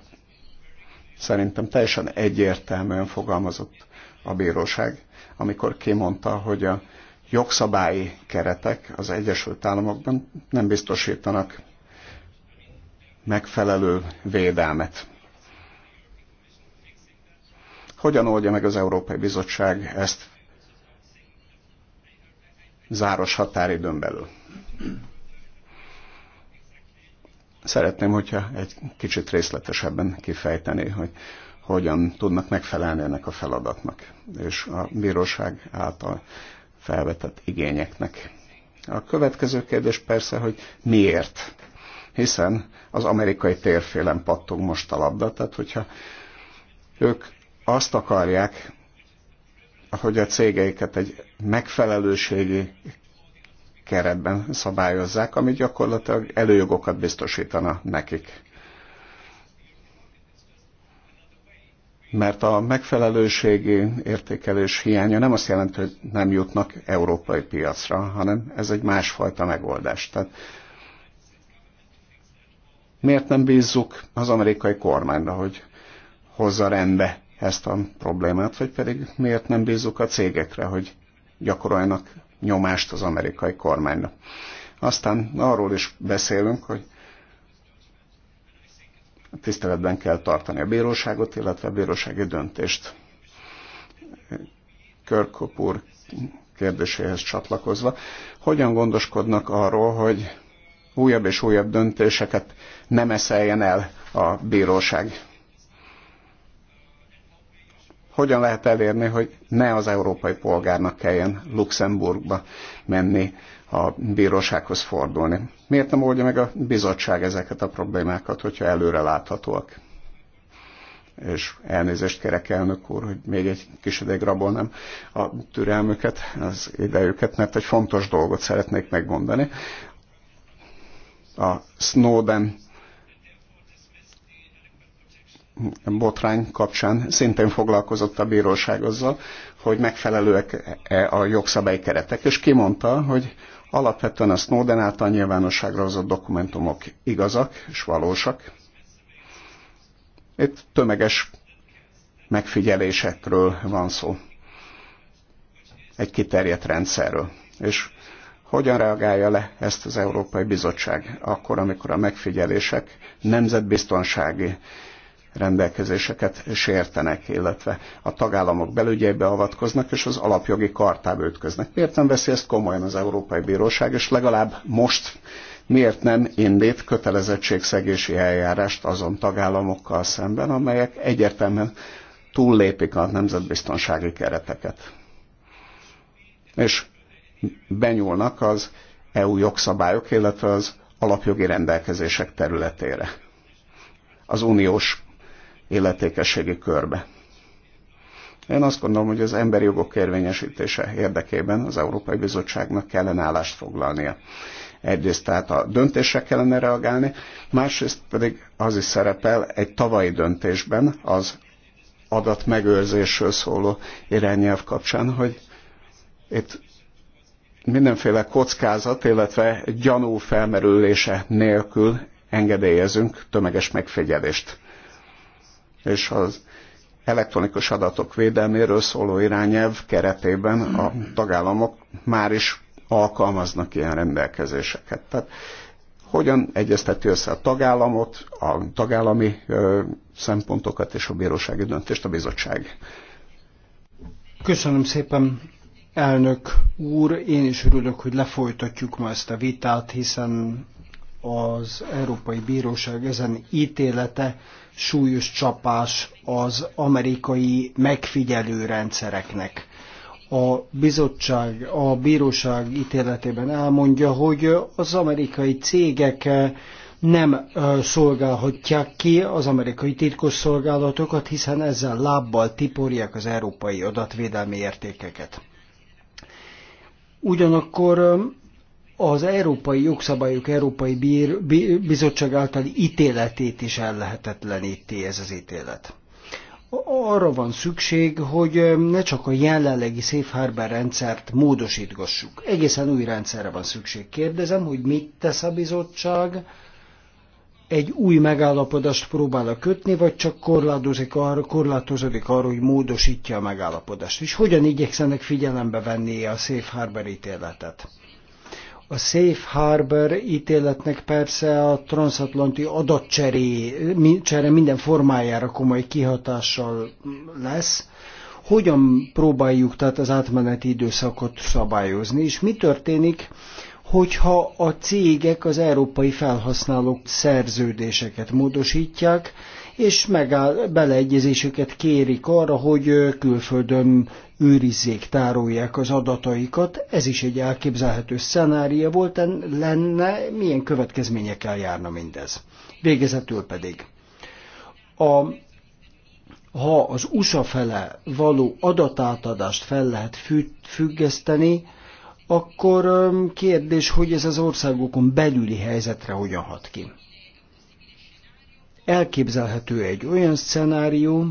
Szerintem teljesen egyértelműen fogalmazott a bíróság, amikor kimondta, hogy a jogszabályi keretek az Egyesült Államokban nem biztosítanak megfelelő védelmet. Hogyan oldja meg az Európai Bizottság ezt záros határidőn belül? Szeretném, hogyha egy kicsit részletesebben kifejteni, hogy hogyan tudnak megfelelni ennek a feladatnak, és a bíróság által felvetett igényeknek. A következő kérdés persze, hogy miért? Hiszen az amerikai térfélen pattog most a labda, tehát hogyha ők azt akarják, hogy a cégeiket egy megfelelőségi keretben szabályozzák, ami gyakorlatilag előjogokat biztosítana nekik. Mert a megfelelőségi értékelés hiánya nem azt jelenti, hogy nem jutnak európai piacra, hanem ez egy másfajta megoldás. Tehát miért nem bízzuk az amerikai kormányra, hogy hozza rendbe ezt a problémát, vagy pedig miért nem bízzuk a cégekre, hogy gyakoroljanak nyomást az amerikai kormányra. Aztán arról is beszélünk, hogy tiszteletben kell tartani a bíróságot, illetve a bírósági döntést. Körkop úr kérdéséhez csatlakozva, hogyan gondoskodnak arról, hogy újabb és újabb döntéseket nem eszeljen el a bíróság hogyan lehet elérni, hogy ne az európai polgárnak kelljen Luxemburgba menni a bírósághoz fordulni. Miért nem oldja meg a bizottság ezeket a problémákat, hogyha előre láthatóak? És elnézést kérek, elnök úr, hogy még egy kis ideig rabolnám a türelmüket, az idejüket, mert egy fontos dolgot szeretnék megmondani. A Snowden botrány kapcsán szintén foglalkozott a bíróság azzal, hogy megfelelőek -e a jogszabály keretek, és kimondta, hogy alapvetően a Snowden által nyilvánosságra hozott dokumentumok igazak és valósak. Itt tömeges megfigyelésekről van szó, egy kiterjedt rendszerről. És hogyan reagálja le ezt az Európai Bizottság akkor, amikor a megfigyelések nemzetbiztonsági rendelkezéseket sértenek, illetve a tagállamok belügyeibe avatkoznak, és az alapjogi kartába ütköznek. Miért nem veszi ezt komolyan az Európai Bíróság, és legalább most miért nem indít kötelezettségszegési eljárást azon tagállamokkal szemben, amelyek egyértelműen túllépik a nemzetbiztonsági kereteket. És benyúlnak az EU jogszabályok, illetve az alapjogi rendelkezések területére. Az uniós illetékességi körbe. Én azt gondolom, hogy az emberi jogok érvényesítése érdekében az Európai Bizottságnak kellene állást foglalnia. Egyrészt tehát a döntésre kellene reagálni, másrészt pedig az is szerepel egy tavalyi döntésben az adatmegőrzésről szóló irányelv kapcsán, hogy itt mindenféle kockázat, illetve gyanú felmerülése nélkül engedélyezünk tömeges megfigyelést és az elektronikus adatok védelméről szóló irányelv keretében a tagállamok már is alkalmaznak ilyen rendelkezéseket. Tehát hogyan egyezteti össze a tagállamot, a tagállami ö, szempontokat és a bírósági döntést a bizottság? Köszönöm szépen, elnök úr. Én is örülök, hogy lefolytatjuk ma ezt a vitát, hiszen az Európai Bíróság ezen ítélete súlyos csapás az amerikai megfigyelő rendszereknek. A bizottság, a bíróság ítéletében elmondja, hogy az amerikai cégek eh, nem eh, szolgálhatják ki az amerikai titkos szolgálatokat, hiszen ezzel lábbal tiporják az európai adatvédelmi értékeket. Ugyanakkor eh, az európai jogszabályok Európai Bír, Bizottság általi ítéletét is ellehetetleníti ez az ítélet. Arra van szükség, hogy ne csak a jelenlegi Safe Harbor rendszert módosítgassuk. Egészen új rendszerre van szükség. Kérdezem, hogy mit tesz a bizottság, egy új megállapodást próbál a kötni, vagy csak korlátozik arra, arra, hogy módosítja a megállapodást. És hogyan igyekszenek figyelembe venni a Safe Harbor ítéletet? A Safe Harbor ítéletnek persze a transatlanti adatcsere minden formájára komoly kihatással lesz. Hogyan próbáljuk tehát az átmeneti időszakot szabályozni, és mi történik, hogyha a cégek az európai felhasználók szerződéseket módosítják, és megáll, beleegyezésüket kérik arra, hogy külföldön őrizzék, tárolják az adataikat. Ez is egy elképzelhető szenária volt, lenne, milyen következményekkel járna mindez. Végezetül pedig. A ha az USA fele való adatátadást fel lehet függeszteni, akkor kérdés, hogy ez az országokon belüli helyzetre hogyan hat ki. Elképzelhető egy olyan szenárió,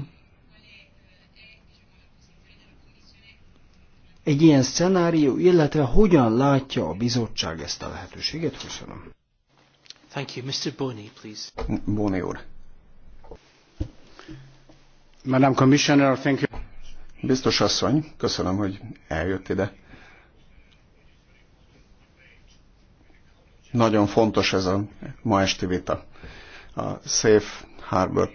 egy ilyen szenárió, illetve hogyan látja a bizottság ezt a lehetőséget? Köszönöm. Thank you. Mr. Boni, please. Boni úr. Madam Commissioner, thank you. Biztos asszony, köszönöm, hogy eljött ide. Nagyon fontos ez a ma esti vita a Safe Harbor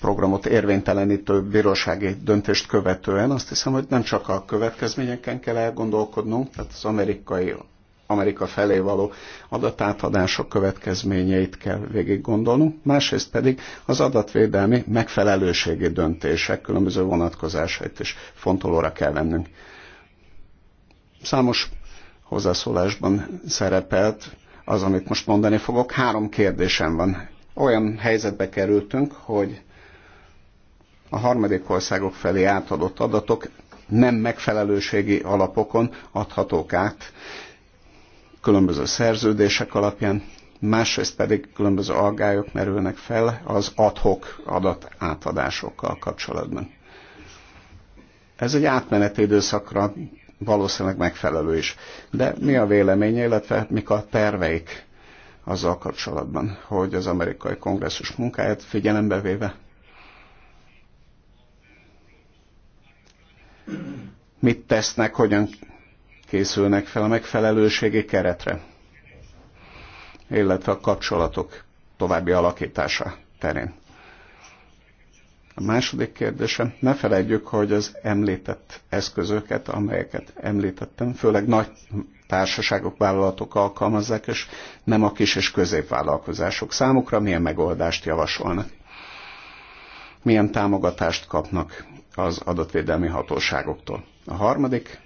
programot érvénytelenítő bírósági döntést követően azt hiszem, hogy nem csak a következményeken kell elgondolkodnunk, tehát az amerikai Amerika felé való adatátadások következményeit kell végig gondolnunk, másrészt pedig az adatvédelmi megfelelőségi döntések különböző vonatkozásait is fontolóra kell vennünk. Számos hozzászólásban szerepelt az, amit most mondani fogok. Három kérdésem van olyan helyzetbe kerültünk, hogy a harmadik országok felé átadott adatok nem megfelelőségi alapokon adhatók át különböző szerződések alapján, másrészt pedig különböző aggályok merülnek fel az adhok adat átadásokkal kapcsolatban. Ez egy átmeneti időszakra valószínűleg megfelelő is. De mi a véleménye, illetve mik a terveik azzal kapcsolatban, hogy az amerikai kongresszus munkáját figyelembe véve mit tesznek, hogyan készülnek fel a megfelelőségi keretre, illetve a kapcsolatok további alakítása terén. A második kérdésem, ne felejtjük, hogy az említett eszközöket, amelyeket említettem, főleg nagy társaságok, vállalatok alkalmazzák, és nem a kis és középvállalkozások számukra milyen megoldást javasolnak. Milyen támogatást kapnak az adatvédelmi hatóságoktól. A harmadik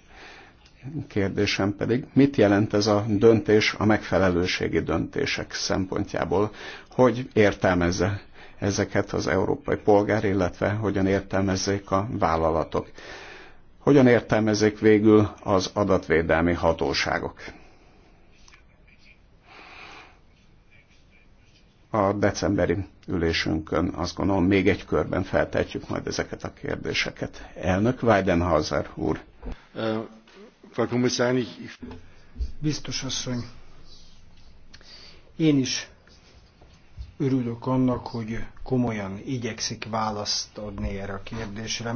kérdésem pedig, mit jelent ez a döntés a megfelelőségi döntések szempontjából? Hogy értelmezze ezeket az európai polgár, illetve hogyan értelmezzék a vállalatok. Hogyan értelmezzék végül az adatvédelmi hatóságok? A decemberi ülésünkön azt gondolom még egy körben feltetjük majd ezeket a kérdéseket. Elnök Weidenhauser úr. Biztos asszony, én is Örülök annak, hogy komolyan igyekszik választ adni erre a kérdésre,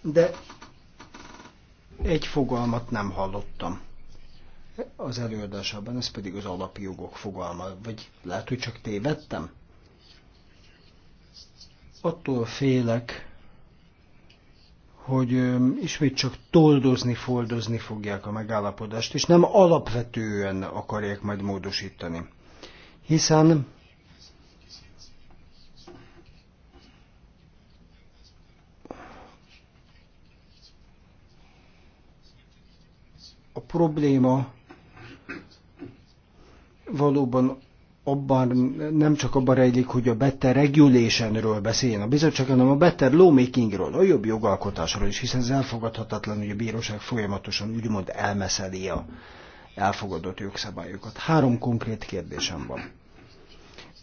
de egy fogalmat nem hallottam az előadásában, ez pedig az alapjogok fogalma, vagy lehet, hogy csak tévedtem? Attól félek, hogy ismét csak toldozni, foldozni fogják a megállapodást, és nem alapvetően akarják majd módosítani hiszen a probléma valóban abban, nem csak abban rejlik, hogy a better regulationről beszéljen a bizottság, hanem a better lawmakingről, a jobb jogalkotásról is, hiszen ez elfogadhatatlan, hogy a bíróság folyamatosan úgymond elmeszeli a elfogadott jogszabályokat. Három konkrét kérdésem van.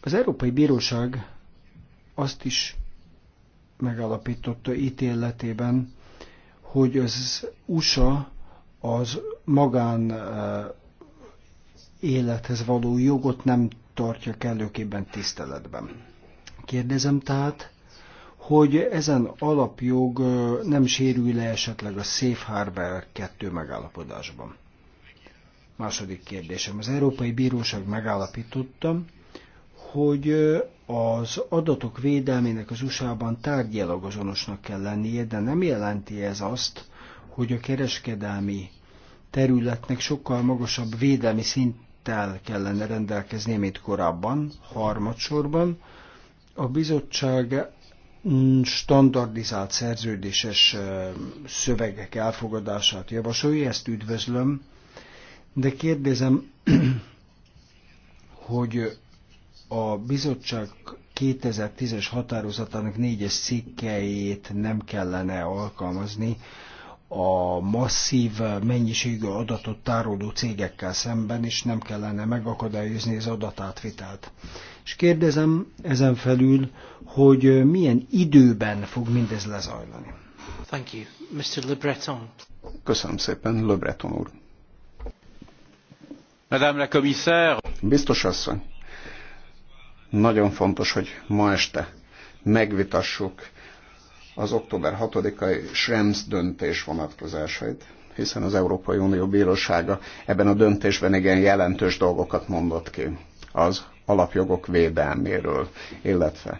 Az Európai Bíróság azt is megalapította ítéletében, hogy az USA az magán eh, élethez való jogot nem tartja kellőképpen tiszteletben. Kérdezem tehát, hogy ezen alapjog eh, nem sérül le esetleg a Safe Harbor 2 megállapodásban. Második kérdésem. Az Európai Bíróság megállapította, hogy az adatok védelmének az USA-ban tárgyilag azonosnak kell lennie, de nem jelenti ez azt, hogy a kereskedelmi területnek sokkal magasabb védelmi szinttel kellene rendelkeznie, mint korábban, harmadsorban. A bizottság standardizált szerződéses szövegek elfogadását javasolja, ezt üdvözlöm, de kérdezem, hogy a bizottság 2010-es határozatának négyes cikkejét nem kellene alkalmazni a masszív mennyiségű adatot tároló cégekkel szemben, és nem kellene megakadályozni az adatátvitelt. És kérdezem ezen felül, hogy milyen időben fog mindez lezajlani. Thank you. Mr. Le Breton. Köszönöm szépen, Le Breton úr. Madame la commissaire. Biztos asszony nagyon fontos, hogy ma este megvitassuk az október 6-ai Schrems döntés vonatkozásait, hiszen az Európai Unió Bírósága ebben a döntésben igen jelentős dolgokat mondott ki az alapjogok védelméről, illetve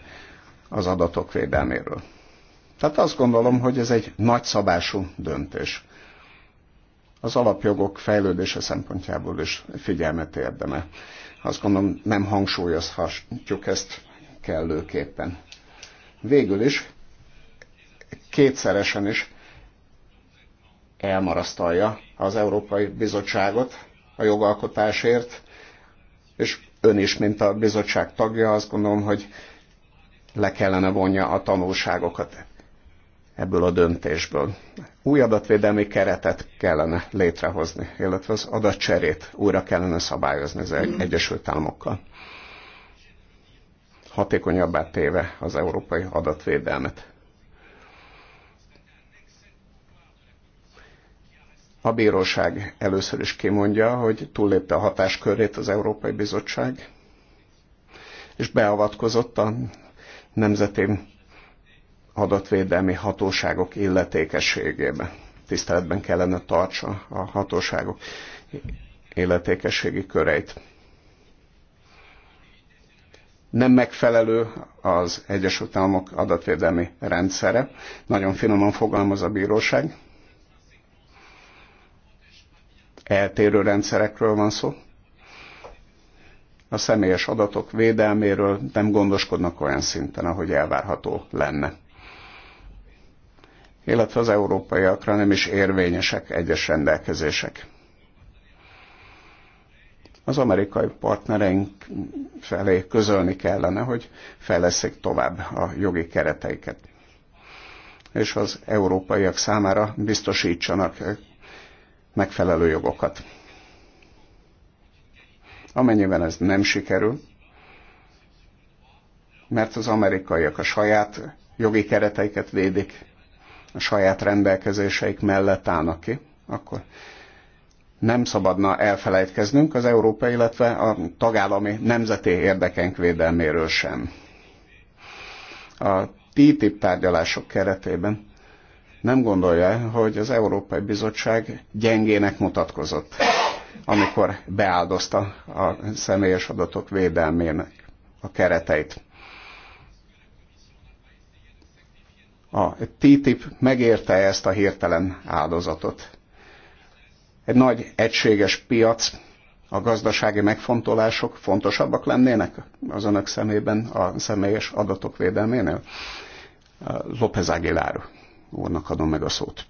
az adatok védelméről. Tehát azt gondolom, hogy ez egy nagyszabású döntés. Az alapjogok fejlődése szempontjából is figyelmet érdemel. Azt gondolom nem hangsúlyozhatjuk ezt kellőképpen. Végül is kétszeresen is elmarasztalja az Európai Bizottságot a jogalkotásért, és ön is, mint a bizottság tagja, azt gondolom, hogy le kellene vonja a tanulságokat ebből a döntésből új adatvédelmi keretet kellene létrehozni, illetve az adatcserét újra kellene szabályozni az Egyesült Államokkal. Hatékonyabbá téve az európai adatvédelmet. A bíróság először is kimondja, hogy túllépte a hatáskörét az Európai Bizottság, és beavatkozott a nemzeti adatvédelmi hatóságok illetékességébe. Tiszteletben kellene tartsa a hatóságok illetékességi köreit. Nem megfelelő az Egyesült Államok adatvédelmi rendszere. Nagyon finoman fogalmaz a bíróság. Eltérő rendszerekről van szó. A személyes adatok védelméről nem gondoskodnak olyan szinten, ahogy elvárható lenne illetve az európaiakra nem is érvényesek egyes rendelkezések. Az amerikai partnereink felé közölni kellene, hogy fejleszik tovább a jogi kereteiket, és az európaiak számára biztosítsanak megfelelő jogokat. Amennyiben ez nem sikerül, mert az amerikaiak a saját jogi kereteiket védik, a saját rendelkezéseik mellett állnak ki, akkor nem szabadna elfelejtkeznünk az európai, illetve a tagállami nemzeti érdekenk védelméről sem. A TTIP tárgyalások keretében nem gondolja, hogy az Európai Bizottság gyengének mutatkozott, amikor beáldozta a személyes adatok védelmének a kereteit. a TTIP megérte ezt a hirtelen áldozatot. Egy nagy egységes piac, a gazdasági megfontolások fontosabbak lennének az önök szemében a személyes adatok védelménél? López Aguilar úrnak adom meg a szót.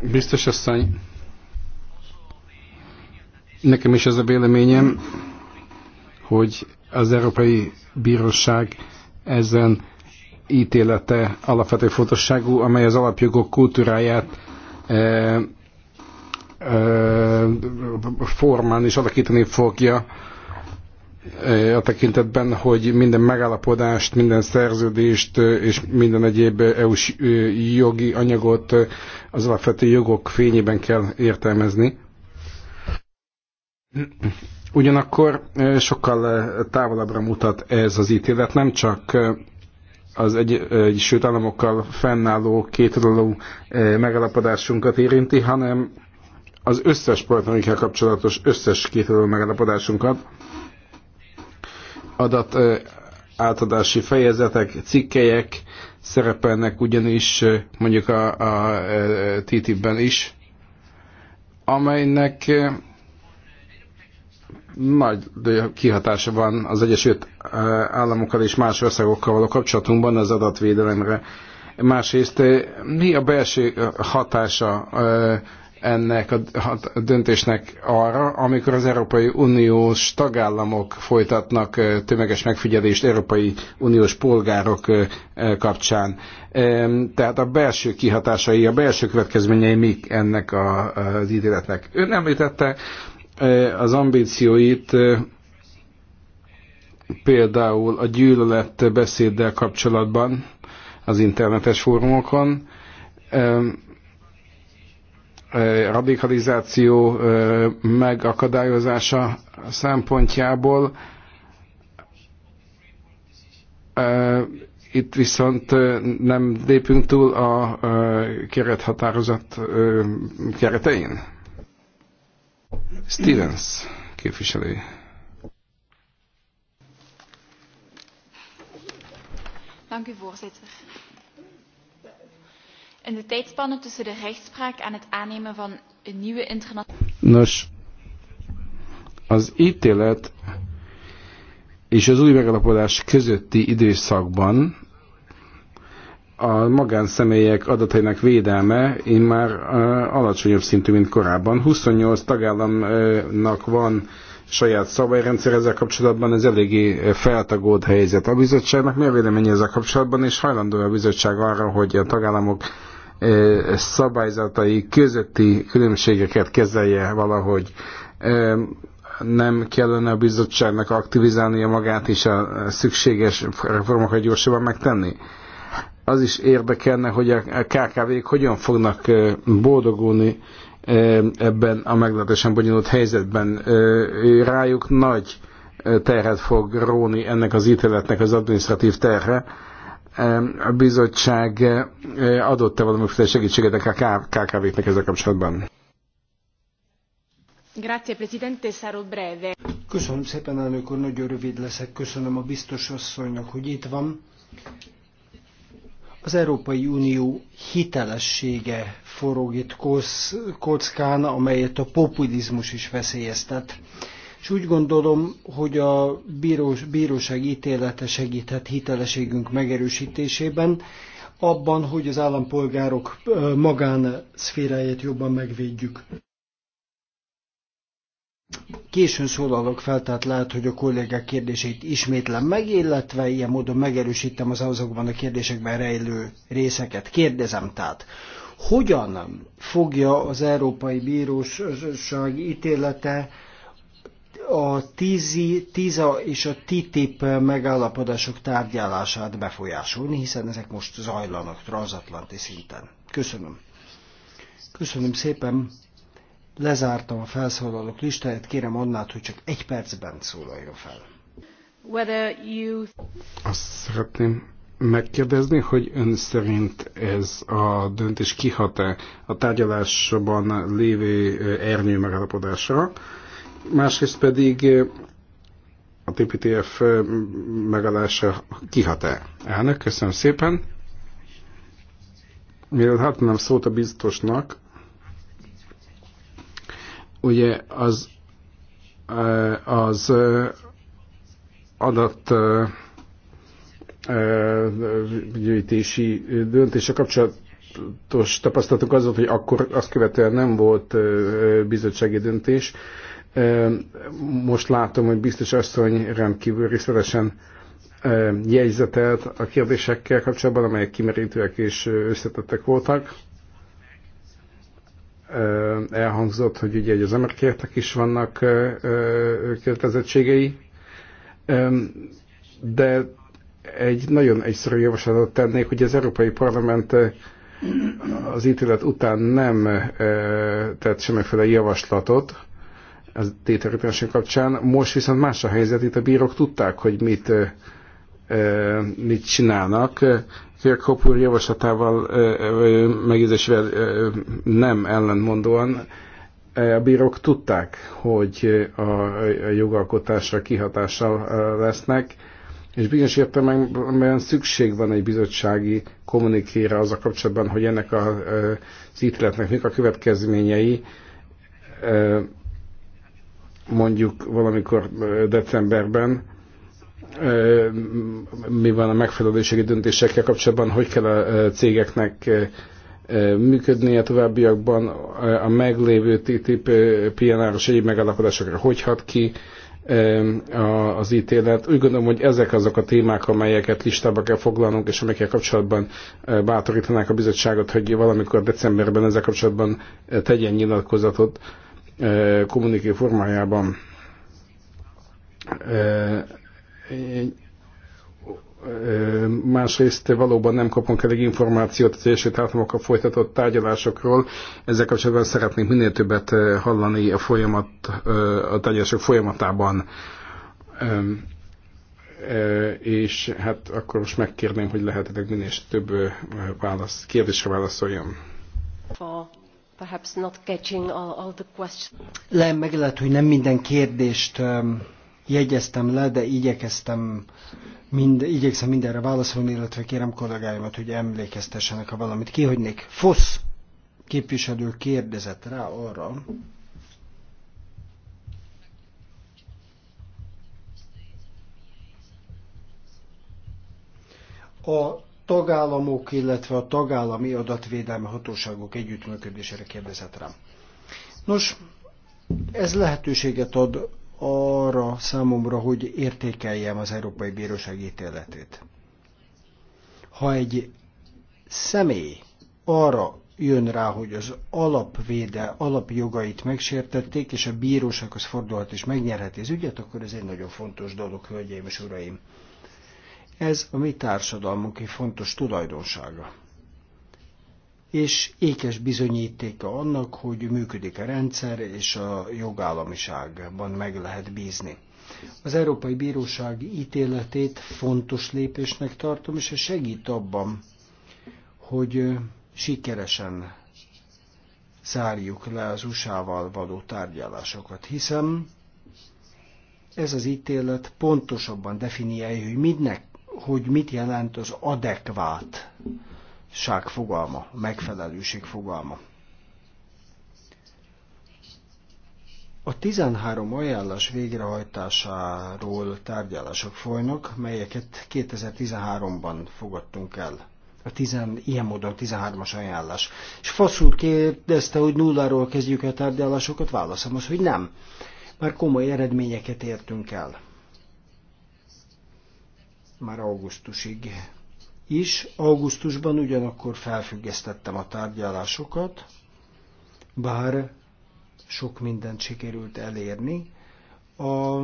Biztos asszony, nekem is ez a véleményem, hogy az Európai Bíróság ezen ítélete alapvető fontosságú, amely az alapjogok kultúráját e, e, formán is alakítani fogja e, a tekintetben, hogy minden megállapodást, minden szerződést e, és minden egyéb EU-s e, jogi anyagot az alapvető jogok fényében kell értelmezni. Ugyanakkor e, sokkal távolabbra mutat ez az ítélet, nem csak az egy, Egyesült Államokkal fennálló kétoldalú eh, megalapodásunkat érinti, hanem az összes partnerünkkel kapcsolatos összes kétoldalú megalapodásunkat adat eh, átadási fejezetek, cikkelyek szerepelnek ugyanis eh, mondjuk a, a, a TTIP-ben is, amelynek nagy kihatása van az Egyesült eh, Államokkal és más országokkal való kapcsolatunkban az adatvédelemre. Másrészt eh, mi a belső eh, hatása ennek a döntésnek arra, amikor az Európai Uniós tagállamok folytatnak tömeges megfigyelést Európai Uniós polgárok kapcsán. Tehát a belső kihatásai, a belső következményei mik ennek az ítéletnek. Ön említette E, az ambícióit e, például a gyűlölet beszéddel kapcsolatban az internetes fórumokon, e, radikalizáció megakadályozása szempontjából. Itt viszont nem lépünk túl a kerethatározat keretein. Stevens képviselő. Dank u, voorzitter. In de tijdspannen tussen de rechtspraak en het aannemen van een nieuwe internationale... Nos, az ítélet és az új megalapodás közötti időszakban a magánszemélyek adatainak védelme immár alacsonyabb szintű, mint korábban. 28 tagállamnak van saját szabályrendszer ezzel kapcsolatban, ez eléggé feltagód helyzet. A bizottságnak mi a véleménye ezzel kapcsolatban, és hajlandó a bizottság arra, hogy a tagállamok szabályzatai közötti különbségeket kezelje valahogy. Nem kellene a bizottságnak aktivizálnia magát és a szükséges reformokat gyorsabban megtenni? az is érdekelne, hogy a KKV-k hogyan fognak boldogulni ebben a meglehetősen bonyolult helyzetben. Rájuk nagy terhet fog róni ennek az ítéletnek az adminisztratív terhe. A bizottság adott-e valamiféle segítséget a KKV-knek ezzel kapcsolatban? Grazie, Presidente, sarò breve. Köszönöm szépen, elnök úr, nagyon rövid leszek. Köszönöm a biztos asszonynak, hogy itt van az Európai Unió hitelessége forog itt kockán, amelyet a populizmus is veszélyeztet. És úgy gondolom, hogy a bírós, bíróság ítélete segíthet hitelességünk megerősítésében, abban, hogy az állampolgárok magánszféráját jobban megvédjük. Későn szólalok fel, tehát lehet, hogy a kollégák kérdését ismétlem meg, illetve ilyen módon megerősítem az azokban a kérdésekben rejlő részeket. Kérdezem tehát, hogyan fogja az Európai Bíróság ítélete a tízi TISA és a TTIP megállapodások tárgyalását befolyásolni, hiszen ezek most zajlanak transatlanti szinten. Köszönöm. Köszönöm szépen. Lezártam a felszólalók listáját, kérem Annát, hogy csak egy percben szólaljon fel. You... Azt szeretném megkérdezni, hogy ön szerint ez a döntés kihat-e a tárgyalásban lévő ernyő megállapodásra, másrészt pedig a TPTF megállása kihat-e? Elnök, köszönöm szépen. Mielőtt hát nem szólt a biztosnak, ugye az az adat gyűjtési döntése kapcsolatos tapasztalatunk az volt, hogy akkor azt követően nem volt bizottsági döntés. Most látom, hogy biztos asszony rendkívül részletesen jegyzetelt a kérdésekkel kapcsolatban, amelyek kimerítőek és összetettek voltak elhangzott, hogy ugye az emberkértek is vannak kérdezettségei, de egy nagyon egyszerű javaslatot tennék, hogy az Európai Parlament az ítélet után nem tett semmiféle javaslatot az tételítésen kapcsán. Most viszont más a helyzet, itt a bírók tudták, hogy mit, mit csinálnak, Kirkhope úr javaslatával, megjegyzésével nem ellentmondóan a bírók tudták, hogy a jogalkotásra kihatással lesznek, és bizonyos értelemben szükség van egy bizottsági kommunikére az a kapcsolatban, hogy ennek a, az ítéletnek mik a következményei, mondjuk valamikor decemberben, mi van a megfelelőségi döntésekkel kapcsolatban, hogy kell a cégeknek működnie a továbbiakban, a meglévő TTIP PNR-os egyéb megállapodásokra hogy hat ki az ítélet. Úgy gondolom, hogy ezek azok a témák, amelyeket listába kell foglalnunk, és amelyekkel kapcsolatban bátorítanák a bizottságot, hogy valamikor decemberben ezzel kapcsolatban tegyen nyilatkozatot kommuniké formájában másrészt valóban nem kapunk elég információt az Egyesült a folytatott tárgyalásokról. Ezzel kapcsolatban szeretnénk minél többet hallani a, folyamat, a tárgyalások folyamatában. És hát akkor most megkérném, hogy lehetőleg minél több válasz, kérdésre válaszoljon. Perhaps not catching all, all the questions. Le, meg lehet, hogy nem minden kérdést jegyeztem le, de igyekeztem mind, igyekszem mindenre válaszolni, illetve kérem kollégáimat, hogy emlékeztessenek, a valamit kihagynék. Fosz képviselő kérdezett rá arra, a tagállamok, illetve a tagállami adatvédelmi hatóságok együttműködésére kérdezett rám. Nos, ez lehetőséget ad arra számomra, hogy értékeljem az Európai Bíróság ítéletét. Ha egy személy arra jön rá, hogy az alapvéde, alapjogait megsértették, és a bírósághoz fordulhat és megnyerheti az ügyet, akkor ez egy nagyon fontos dolog, hölgyeim és uraim. Ez a mi társadalmunk egy fontos tulajdonsága és ékes bizonyítéka annak, hogy működik a rendszer, és a jogállamiságban meg lehet bízni. Az Európai Bíróság ítéletét fontos lépésnek tartom, és ez segít abban, hogy sikeresen zárjuk le az USA-val való tárgyalásokat, hiszen ez az ítélet pontosabban definiálja, hogy, hogy mit jelent az adekvát ság fogalma, megfelelőség fogalma. A 13 ajánlás végrehajtásáról tárgyalások folynak, melyeket 2013-ban fogadtunk el. A 10, ilyen módon 13-as ajánlás. És Fasz kérdezte, hogy nulláról kezdjük a tárgyalásokat, válaszom az, hogy nem. Már komoly eredményeket értünk el. Már augusztusig is. Augusztusban ugyanakkor felfüggesztettem a tárgyalásokat, bár sok mindent sikerült elérni. A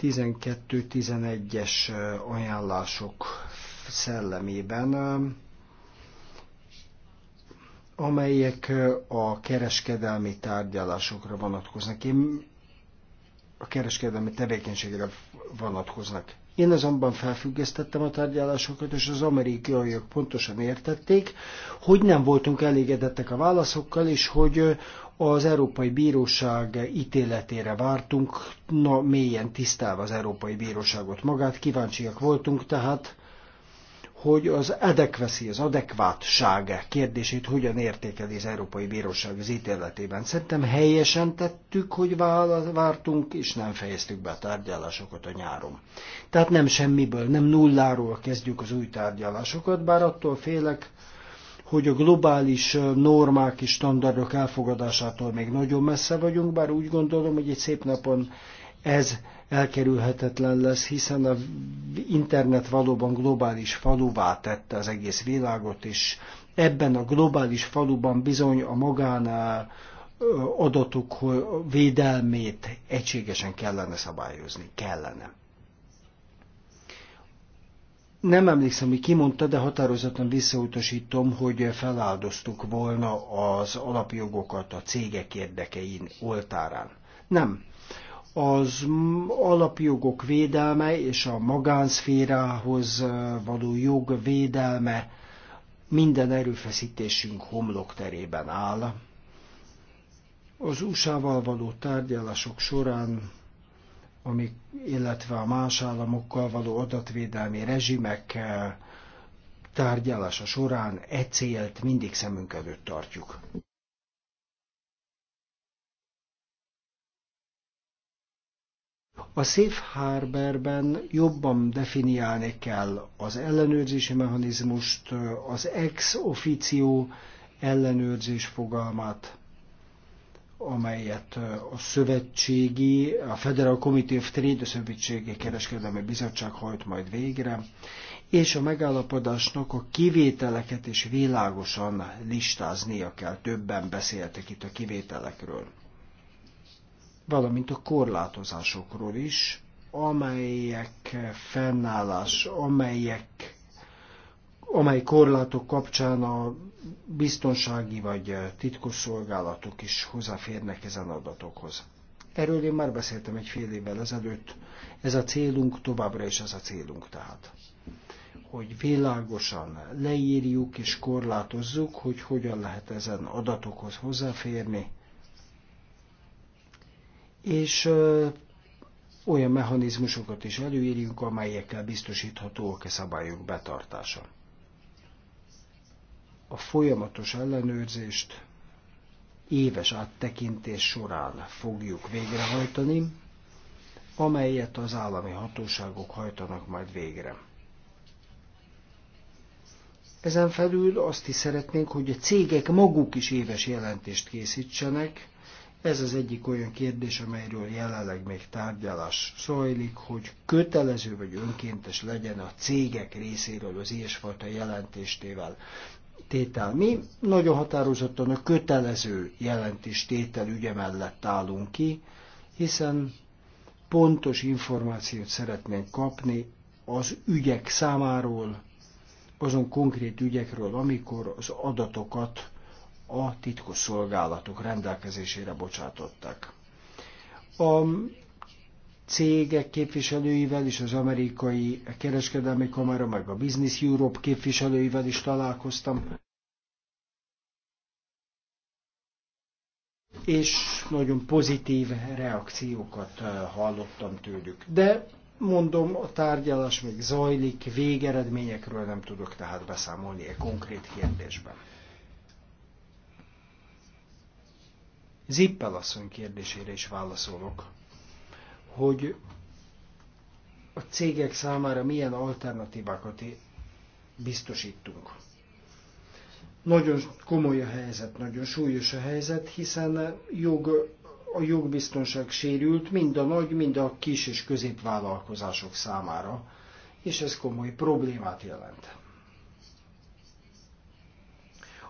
12-11-es ajánlások szellemében amelyek a kereskedelmi tárgyalásokra vonatkoznak. Én kereskedelmi tevékenységre vonatkoznak. Én azonban felfüggesztettem a tárgyalásokat, és az amerikaiak pontosan értették, hogy nem voltunk elégedettek a válaszokkal, és hogy az Európai Bíróság ítéletére vártunk, na mélyen tisztelve az Európai Bíróságot magát, kíváncsiak voltunk tehát, hogy az adekveszi, az adekvátság kérdését hogyan értékeli az Európai Bíróság az ítéletében. Szerintem helyesen tettük, hogy vártunk, és nem fejeztük be a tárgyalásokat a nyáron. Tehát nem semmiből, nem nulláról kezdjük az új tárgyalásokat, bár attól félek, hogy a globális normák és standardok elfogadásától még nagyon messze vagyunk, bár úgy gondolom, hogy egy szép napon ez elkerülhetetlen lesz, hiszen a internet valóban globális faluvá tette az egész világot, és ebben a globális faluban bizony a magán adatok védelmét egységesen kellene szabályozni. Kellene. Nem emlékszem, hogy kimondta, de határozottan visszautasítom, hogy feláldoztuk volna az alapjogokat a cégek érdekein oltárán. Nem, az alapjogok védelme és a magánszférához eh, való jog védelme minden erőfeszítésünk homlokterében áll. Az USA-val való tárgyalások során, amik, illetve a más államokkal való adatvédelmi rezsimek eh, tárgyalása során e célt mindig szemünk előtt tartjuk. A Safe Harborben jobban definiálni kell az ellenőrzési mechanizmust, az ex officio ellenőrzés fogalmát, amelyet a szövetségi, a Federal Committee of Trade, a Szövetségi Kereskedelmi Bizottság hajt majd végre, és a megállapodásnak a kivételeket is világosan listáznia kell. Többen beszéltek itt a kivételekről valamint a korlátozásokról is, amelyek fennállás, amelyek amely korlátok kapcsán a biztonsági vagy titkosszolgálatok is hozzáférnek ezen adatokhoz. Erről én már beszéltem egy fél évvel ezelőtt. Ez a célunk, továbbra is ez a célunk tehát. Hogy világosan leírjuk és korlátozzuk, hogy hogyan lehet ezen adatokhoz hozzáférni, és olyan mechanizmusokat is előírjunk, amelyekkel biztosíthatóak a szabályok betartása. A folyamatos ellenőrzést éves áttekintés során fogjuk végrehajtani, amelyet az állami hatóságok hajtanak majd végre. Ezen felül azt is szeretnénk, hogy a cégek maguk is éves jelentést készítsenek, ez az egyik olyan kérdés, amelyről jelenleg még tárgyalás zajlik, hogy kötelező vagy önkéntes legyen a cégek részéről az ilyesfajta jelentéstével tétel. Mi nagyon határozottan a kötelező jelentéstétel ügye mellett állunk ki, hiszen pontos információt szeretnénk kapni az ügyek számáról, azon konkrét ügyekről, amikor az adatokat a titkos szolgálatok rendelkezésére bocsátottak. A cégek képviselőivel is az amerikai kereskedelmi kamera, meg a Business Europe képviselőivel is találkoztam. És nagyon pozitív reakciókat eh, hallottam tőlük. De mondom, a tárgyalás még zajlik, végeredményekről nem tudok tehát beszámolni egy konkrét kérdésben. Zippel asszony kérdésére is válaszolok, hogy a cégek számára milyen alternatívákat biztosítunk. Nagyon komoly a helyzet, nagyon súlyos a helyzet, hiszen jog, a jogbiztonság sérült mind a nagy, mind a kis és középvállalkozások számára, és ez komoly problémát jelent.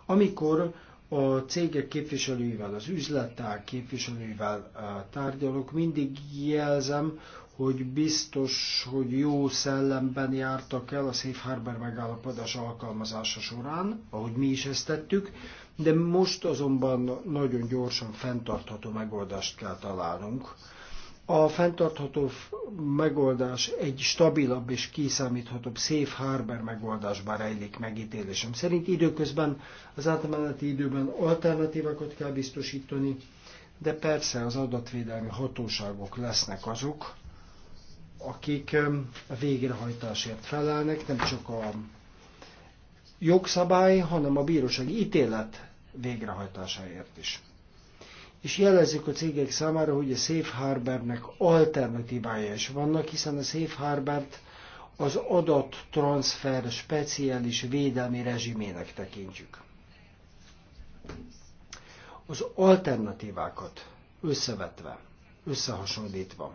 Amikor a cégek képviselőivel, az üzleták képviselőivel eh, tárgyalok. Mindig jelzem, hogy biztos, hogy jó szellemben jártak el a Safe Harbor megállapodás alkalmazása során, ahogy mi is ezt tettük, de most azonban nagyon gyorsan fenntartható megoldást kell találnunk a fenntartható megoldás egy stabilabb és kiszámíthatóbb safe harbor megoldásban rejlik megítélésem szerint. Időközben az átmeneti időben alternatívákat kell biztosítani, de persze az adatvédelmi hatóságok lesznek azok, akik a végrehajtásért felelnek, nem csak a jogszabály, hanem a bírósági ítélet végrehajtásáért is és jelezzük a cégek számára, hogy a Safe Harbornek alternatívája is vannak, hiszen a Safe harbor az transfer speciális védelmi rezsimének tekintjük. Az alternatívákat összevetve, összehasonlítva,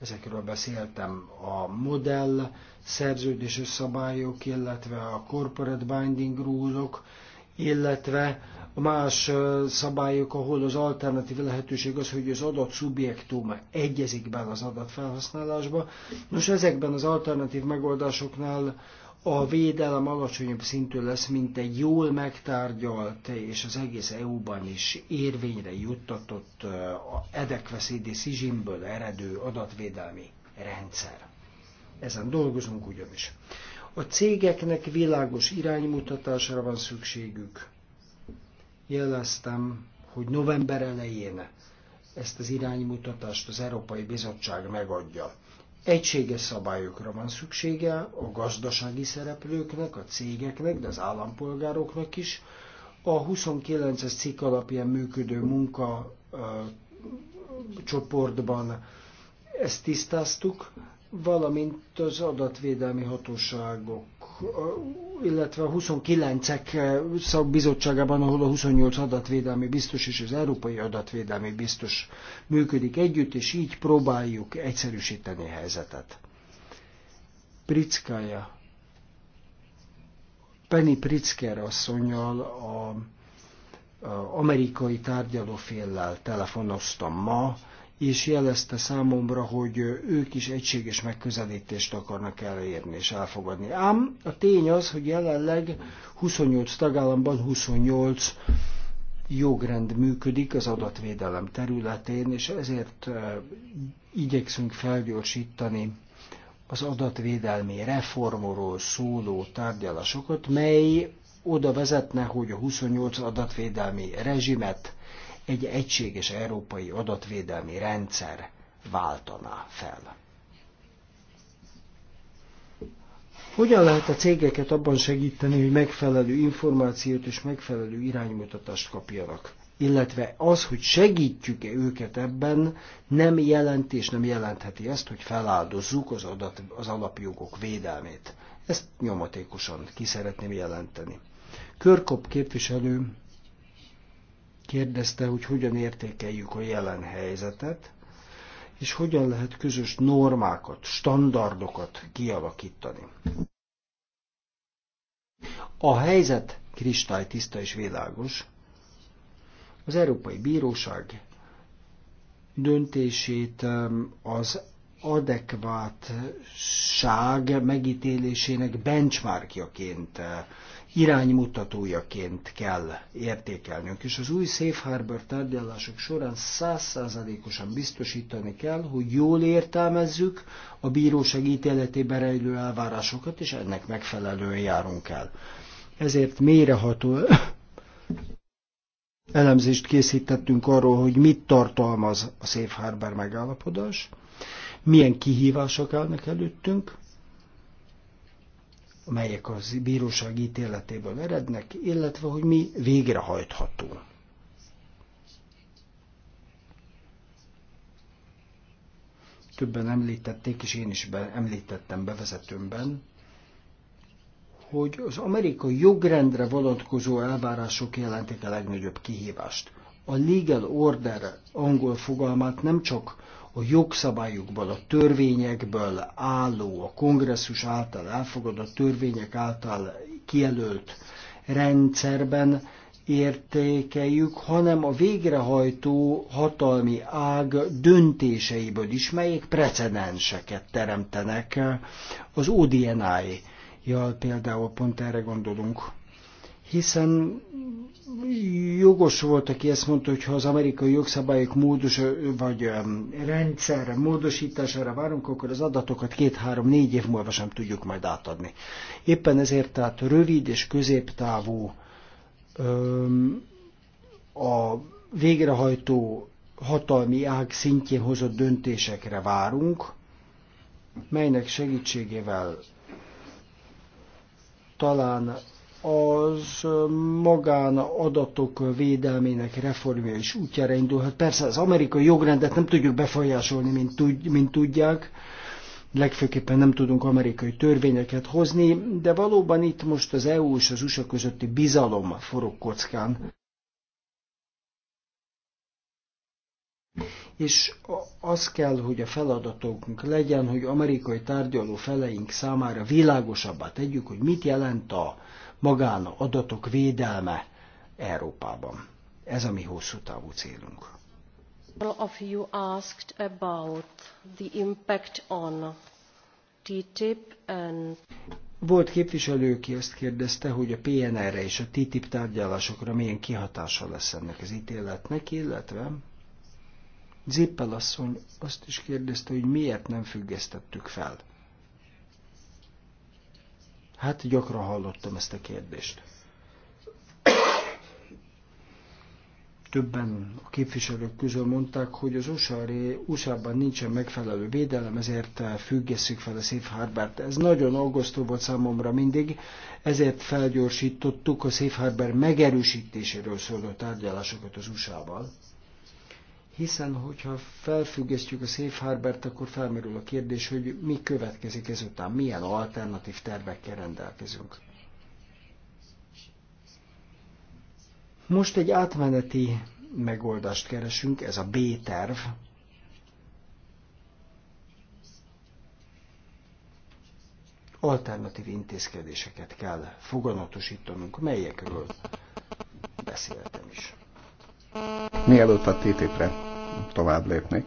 ezekről beszéltem, a modell, szerződéses szabályok, illetve a corporate binding rule illetve a más szabályok, ahol az alternatív lehetőség az, hogy az adat szubjektum egyezik bele az adat felhasználásba. Nos, ezekben az alternatív megoldásoknál a védelem alacsonyabb szintű lesz, mint egy jól megtárgyalt és az egész EU-ban is érvényre juttatott a edekveszédi szizsimből eredő adatvédelmi rendszer. Ezen dolgozunk ugyanis. A cégeknek világos iránymutatásra van szükségük, jeleztem, hogy november elején ezt az iránymutatást az Európai Bizottság megadja. Egységes szabályokra van szüksége a gazdasági szereplőknek, a cégeknek, de az állampolgároknak is. A 29-es cikk alapján működő munka csoportban ezt tisztáztuk, valamint az adatvédelmi hatóságok illetve a 29-ek eh, szakbizottságában, ahol a 28 adatvédelmi biztos és az európai adatvédelmi biztos működik együtt, és így próbáljuk egyszerűsíteni a helyzetet. Prickája, Penny Pritzker asszonyjal az amerikai tárgyalóféllel telefonoztam ma, és jelezte számomra, hogy ők is egységes megközelítést akarnak elérni és elfogadni. Ám a tény az, hogy jelenleg 28 tagállamban 28 jogrend működik az adatvédelem területén, és ezért eh, igyekszünk felgyorsítani az adatvédelmi reformról szóló tárgyalásokat, mely oda vezetne, hogy a 28 adatvédelmi rezsimet egy egységes európai adatvédelmi rendszer váltaná fel. Hogyan lehet a cégeket abban segíteni, hogy megfelelő információt és megfelelő iránymutatást kapjanak? Illetve az, hogy segítjük-e őket ebben, nem jelent és nem jelentheti ezt, hogy feláldozzuk az, adat, az alapjogok védelmét. Ezt nyomatékosan ki szeretném jelenteni. Körkop képviselő kérdezte, hogy hogyan értékeljük a jelen helyzetet, és hogyan lehet közös normákat, standardokat kialakítani. A helyzet kristálytiszta és világos. Az Európai Bíróság döntését az adekvátság megítélésének benchmarkjaként iránymutatójaként kell értékelnünk, és az új Safe Harbor tárgyalások során százszázalékosan biztosítani kell, hogy jól értelmezzük a bíróság ítéletében rejlő elvárásokat, és ennek megfelelően járunk el. Ezért mélyreható elemzést készítettünk arról, hogy mit tartalmaz a Safe Harbor megállapodás, milyen kihívások állnak előttünk, melyek az bíróság ítéletéből erednek, illetve hogy mi végrehajtható. Többen említették, és én is be, említettem bevezetőmben, hogy az amerikai jogrendre vonatkozó elvárások jelentik a legnagyobb kihívást. A legal order angol fogalmát nem csak a jogszabályokból, a törvényekből álló, a kongresszus által elfogadott törvények által kijelölt rendszerben értékeljük, hanem a végrehajtó hatalmi ág döntéseiből is, melyek precedenseket teremtenek. Az ODNI-jal például pont erre gondolunk hiszen jogos volt, aki ezt mondta, hogy ha az amerikai jogszabályok módos vagy rendszerre, módosítására várunk, akkor az adatokat két-három-négy év múlva sem tudjuk majd átadni. Éppen ezért tehát rövid és középtávú a végrehajtó hatalmi ág szintjén hozott döntésekre várunk, melynek segítségével talán az adatok védelmének reformja is útjára indulhat. Persze az amerikai jogrendet nem tudjuk befolyásolni, mint, tud, mint tudják, legfőképpen nem tudunk amerikai törvényeket hozni, de valóban itt most az EU és az USA közötti bizalom forog kockán. És az kell, hogy a feladatunk legyen, hogy amerikai tárgyaló feleink számára világosabbá tegyük, hogy mit jelent a magán adatok védelme Európában. Ez a mi hosszú távú célunk. Of you asked about the impact on TTIP and... Volt képviselő, aki azt kérdezte, hogy a PNR-re és a TTIP tárgyalásokra milyen kihatása lesz ennek az ítéletnek, illetve Zippel asszony azt is kérdezte, hogy miért nem függesztettük fel Hát gyakran hallottam ezt a kérdést. Többen a képviselők közül mondták, hogy az USA-ban nincsen megfelelő védelem, ezért függesszük fel a Safe Harbor-t. Ez nagyon aggasztó volt számomra mindig, ezért felgyorsítottuk a Safe Harbor megerősítéséről szóló tárgyalásokat az USA-val hiszen hogyha felfüggesztjük a Safe harbor akkor felmerül a kérdés, hogy mi következik ezután, milyen alternatív tervekkel rendelkezünk. Most egy átmeneti megoldást keresünk, ez a B-terv. Alternatív intézkedéseket kell foganatosítanunk, melyekről beszéltem is. Mielőtt a TTIP-re tovább lépnék,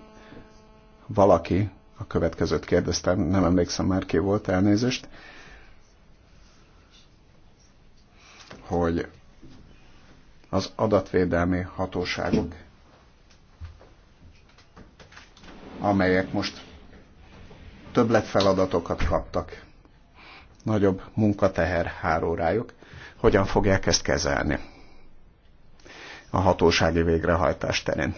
valaki a következőt kérdezte, nem emlékszem már ki volt, elnézést, hogy az adatvédelmi hatóságok, amelyek most többletfeladatokat kaptak, nagyobb munkateher hárórájuk, hogyan fogják ezt kezelni a hatósági végrehajtás terén.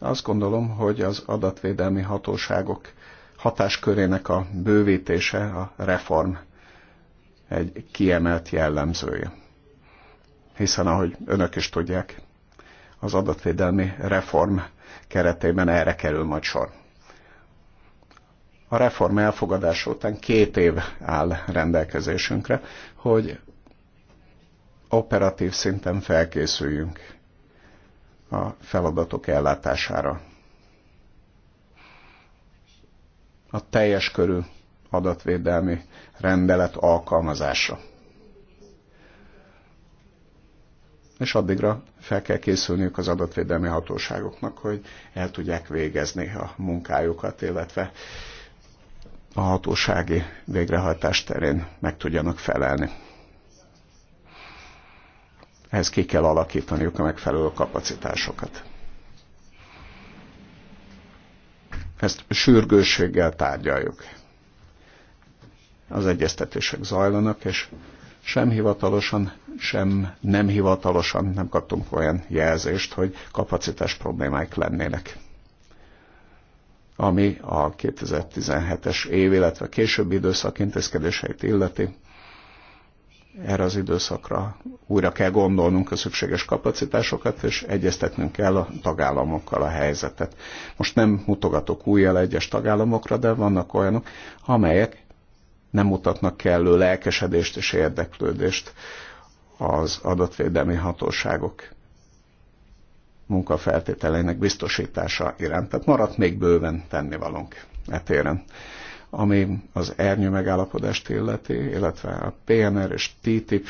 Azt gondolom, hogy az adatvédelmi hatóságok hatáskörének a bővítése, a reform egy kiemelt jellemzője. Hiszen, ahogy önök is tudják, az adatvédelmi reform keretében erre kerül majd sor a reform elfogadása után két év áll rendelkezésünkre, hogy operatív szinten felkészüljünk a feladatok ellátására. A teljes körű adatvédelmi rendelet alkalmazása. És addigra fel kell készülniük az adatvédelmi hatóságoknak, hogy el tudják végezni a munkájukat, illetve a hatósági végrehajtás terén meg tudjanak felelni. Ehhez ki kell alakítaniuk a megfelelő kapacitásokat. Ezt sürgősséggel tárgyaljuk. Az egyeztetések zajlanak, és sem hivatalosan, sem nem hivatalosan nem kaptunk olyan jelzést, hogy kapacitás problémáik lennének ami a 2017-es év, illetve későbbi időszak intézkedéseit illeti. Erre az időszakra újra kell gondolnunk a szükséges kapacitásokat, és egyeztetnünk kell a tagállamokkal a helyzetet. Most nem mutogatok újjel egyes tagállamokra, de vannak olyanok, amelyek nem mutatnak kellő lelkesedést és érdeklődést az adatvédelmi hatóságok munkafeltételeinek biztosítása iránt. Tehát maradt még bőven tennivalónk etéren. Ami az ernyő megállapodást illeti, illetve a PNR és TTIP,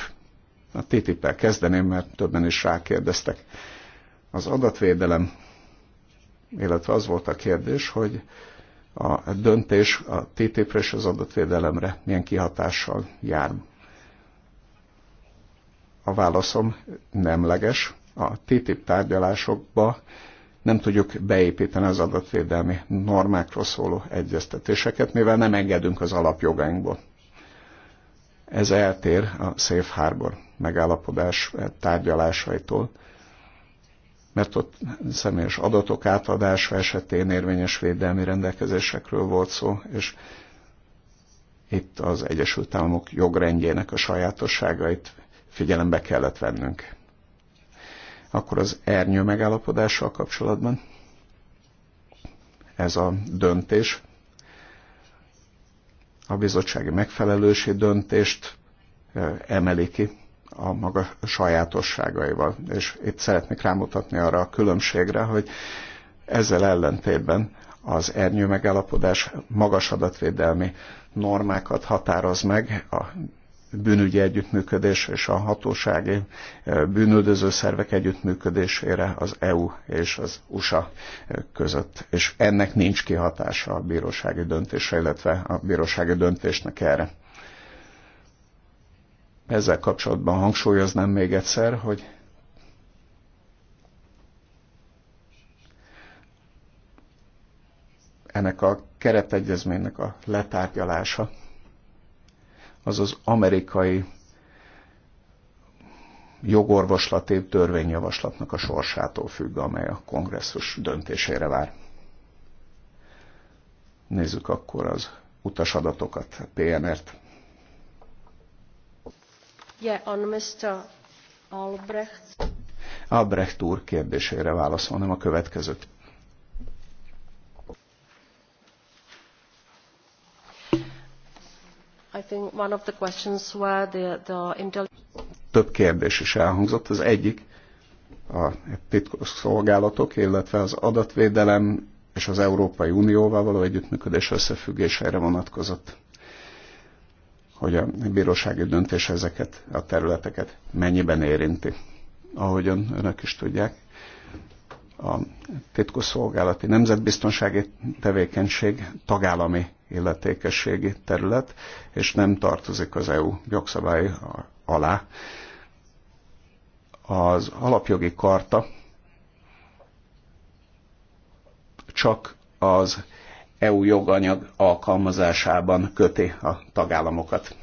a TTIP-el kezdeném, mert többen is rákérdeztek. Az adatvédelem, illetve az volt a kérdés, hogy a döntés a TTIP-re és az adatvédelemre milyen kihatással jár. A válaszom nemleges, a TTIP tárgyalásokba nem tudjuk beépíteni az adatvédelmi normákról szóló egyeztetéseket, mivel nem engedünk az alapjogainkból. Ez eltér a Safe Harbor megállapodás tárgyalásaitól, mert ott személyes adatok átadása esetén érvényes védelmi rendelkezésekről volt szó, és itt az Egyesült Államok jogrendjének a sajátosságait figyelembe kellett vennünk akkor az ernyő megállapodással kapcsolatban ez a döntés, a bizottsági megfelelősi döntést emeli ki a maga sajátosságaival. És itt szeretnék rámutatni arra a különbségre, hogy ezzel ellentétben az ernyő megállapodás magas adatvédelmi normákat határoz meg a bűnügyi együttműködés és a hatósági e, bűnöldöző szervek együttműködésére az EU és az USA e, között. És ennek nincs kihatása a bírósági döntésre, illetve a bírósági döntésnek erre. Ezzel kapcsolatban hangsúlyoznám még egyszer, hogy ennek a keretegyezménynek a letárgyalása az az amerikai jogorvoslati törvényjavaslatnak a sorsától függ, amely a kongresszus döntésére vár. Nézzük akkor az utasadatokat, PNR-t. Yeah, on Mr. Albrecht. Albrecht úr kérdésére válaszolnám a következőt. Több kérdés is elhangzott. Az egyik a titkos szolgálatok, illetve az adatvédelem és az Európai Unióval való együttműködés összefüggésére vonatkozott hogy a bírósági döntés ezeket a területeket mennyiben érinti. Ahogyan önök is tudják, a titkosszolgálati nemzetbiztonsági tevékenység tagállami illetékességi terület, és nem tartozik az EU jogszabály alá. Az alapjogi karta csak az EU joganyag alkalmazásában köti a tagállamokat.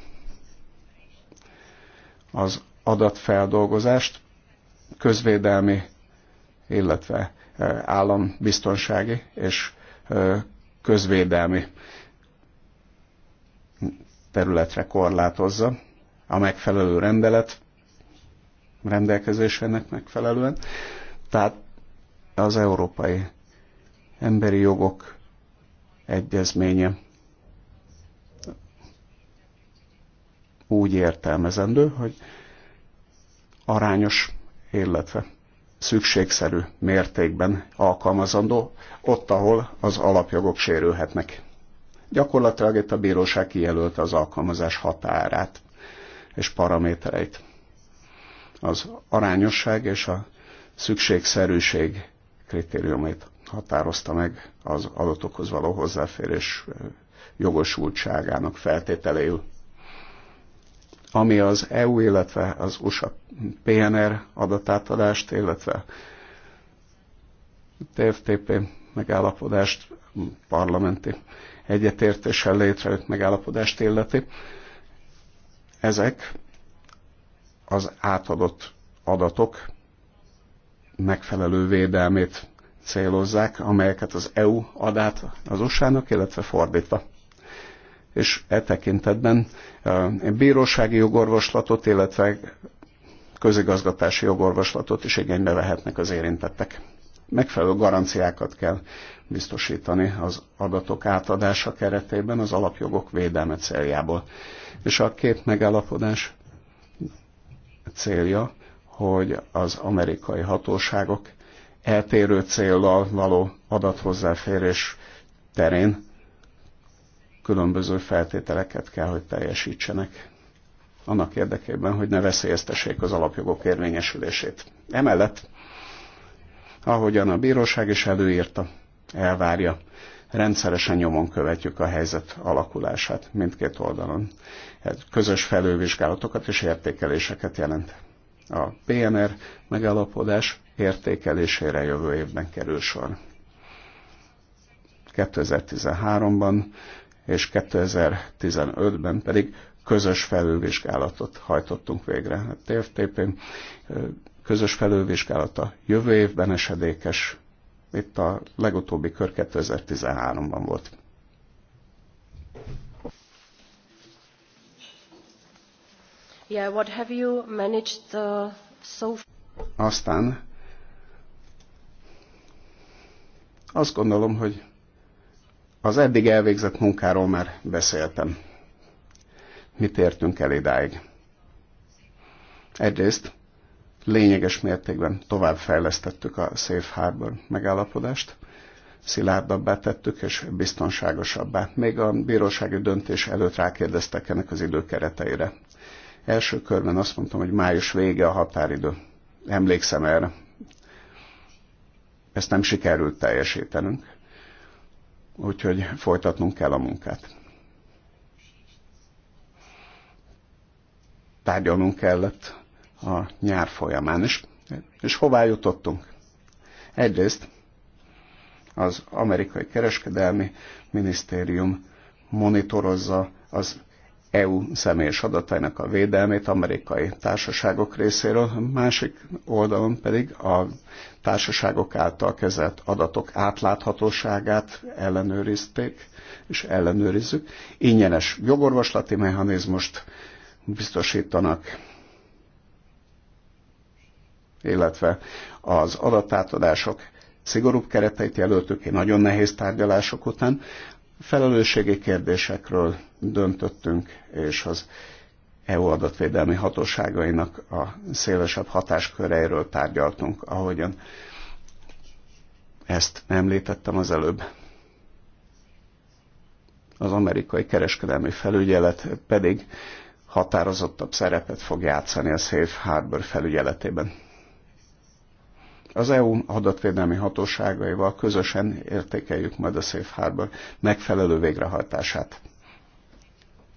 Az adatfeldolgozást közvédelmi illetve állambiztonsági és közvédelmi területre korlátozza a megfelelő rendelet rendelkezésének megfelelően. Tehát az Európai Emberi Jogok Egyezménye úgy értelmezendő, hogy arányos, illetve szükségszerű mértékben alkalmazandó, ott, ahol az alapjogok sérülhetnek. Gyakorlatilag itt a bíróság kijelölte az alkalmazás határát és paramétereit. Az arányosság és a szükségszerűség kritériumait határozta meg az adatokhoz való hozzáférés jogosultságának feltételéül ami az EU, illetve az USA PNR adatátadást, illetve TFTP megállapodást, parlamenti egyetértéssel létrejött megállapodást illeti. Ezek az átadott adatok megfelelő védelmét célozzák, amelyeket az EU ad át az USA-nak, illetve fordítva és e tekintetben bírósági jogorvoslatot, illetve közigazgatási jogorvoslatot is igénybe vehetnek az érintettek. Megfelelő garanciákat kell biztosítani az adatok átadása keretében az alapjogok védelme céljából. És a két megállapodás célja, hogy az amerikai hatóságok eltérő céllal való adathozzáférés terén különböző feltételeket kell, hogy teljesítsenek annak érdekében, hogy ne veszélyeztessék az alapjogok érvényesülését. Emellett, ahogyan a bíróság is előírta, elvárja, rendszeresen nyomon követjük a helyzet alakulását mindkét oldalon. Ez közös felővizsgálatokat és értékeléseket jelent. A PNR megállapodás értékelésére jövő évben kerül sor. 2013-ban és 2015-ben pedig közös felülvizsgálatot hajtottunk végre. A hát TFTP közös felülvizsgálata jövő évben esedékes, itt a legutóbbi kör 2013-ban volt. Yeah, what have you managed the uh, so Aztán azt gondolom, hogy az eddig elvégzett munkáról már beszéltem. Mit értünk el idáig? Egyrészt lényeges mértékben továbbfejlesztettük a Safe Harbor megállapodást, szilárdabbá tettük és biztonságosabbá. Még a bírósági döntés előtt rákérdeztek ennek az időkereteire. Első körben azt mondtam, hogy május vége a határidő. Emlékszem erre. Ezt nem sikerült teljesítenünk. Úgyhogy folytatnunk kell a munkát. Tárgyalnunk kellett a nyár folyamán, és, és hová jutottunk? Egyrészt az amerikai kereskedelmi minisztérium monitorozza az EU személyes adatainak a védelmét amerikai társaságok részéről, a másik oldalon pedig a társaságok által kezelt adatok átláthatóságát ellenőrizték és ellenőrizzük. Ingyenes jogorvoslati mechanizmust biztosítanak, illetve az adatátadások szigorúbb kereteit jelöltük ki nagyon nehéz tárgyalások után, felelősségi kérdésekről döntöttünk, és az EU adatvédelmi hatóságainak a szélesebb hatásköreiről tárgyaltunk, ahogyan ezt említettem az előbb. Az amerikai kereskedelmi felügyelet pedig határozottabb szerepet fog játszani a Safe Harbor felügyeletében. Az EU adatvédelmi hatóságaival közösen értékeljük majd a Safe Harbor megfelelő végrehajtását.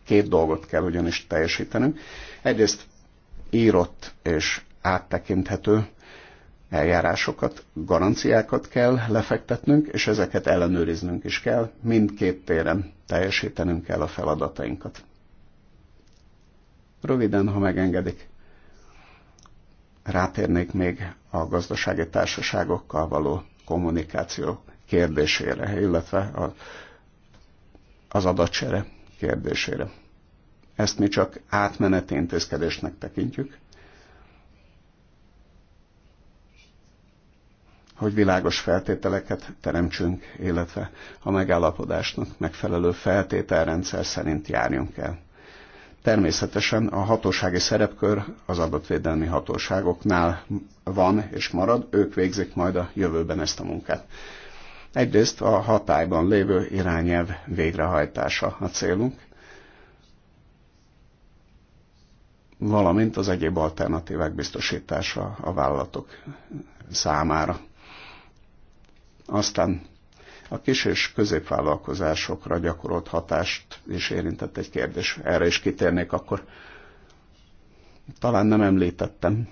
Két dolgot kell ugyanis teljesítenünk. Egyrészt írott és áttekinthető eljárásokat, garanciákat kell lefektetnünk, és ezeket ellenőriznünk is kell, mindkét téren teljesítenünk kell a feladatainkat. Röviden, ha megengedik, rátérnék még a gazdasági társaságokkal való kommunikáció kérdésére, illetve az adatsere kérdésére. Ezt mi csak átmeneti intézkedésnek tekintjük, hogy világos feltételeket teremtsünk, illetve a megállapodásnak megfelelő feltételrendszer szerint járjunk el. Természetesen a hatósági szerepkör az adatvédelmi hatóságoknál van és marad, ők végzik majd a jövőben ezt a munkát. Egyrészt a hatályban lévő irányelv végrehajtása a célunk, valamint az egyéb alternatívák biztosítása a vállalatok számára. Aztán a kis és középvállalkozásokra gyakorolt hatást is érintett egy kérdés. Erre is kitérnék akkor. Talán nem említettem,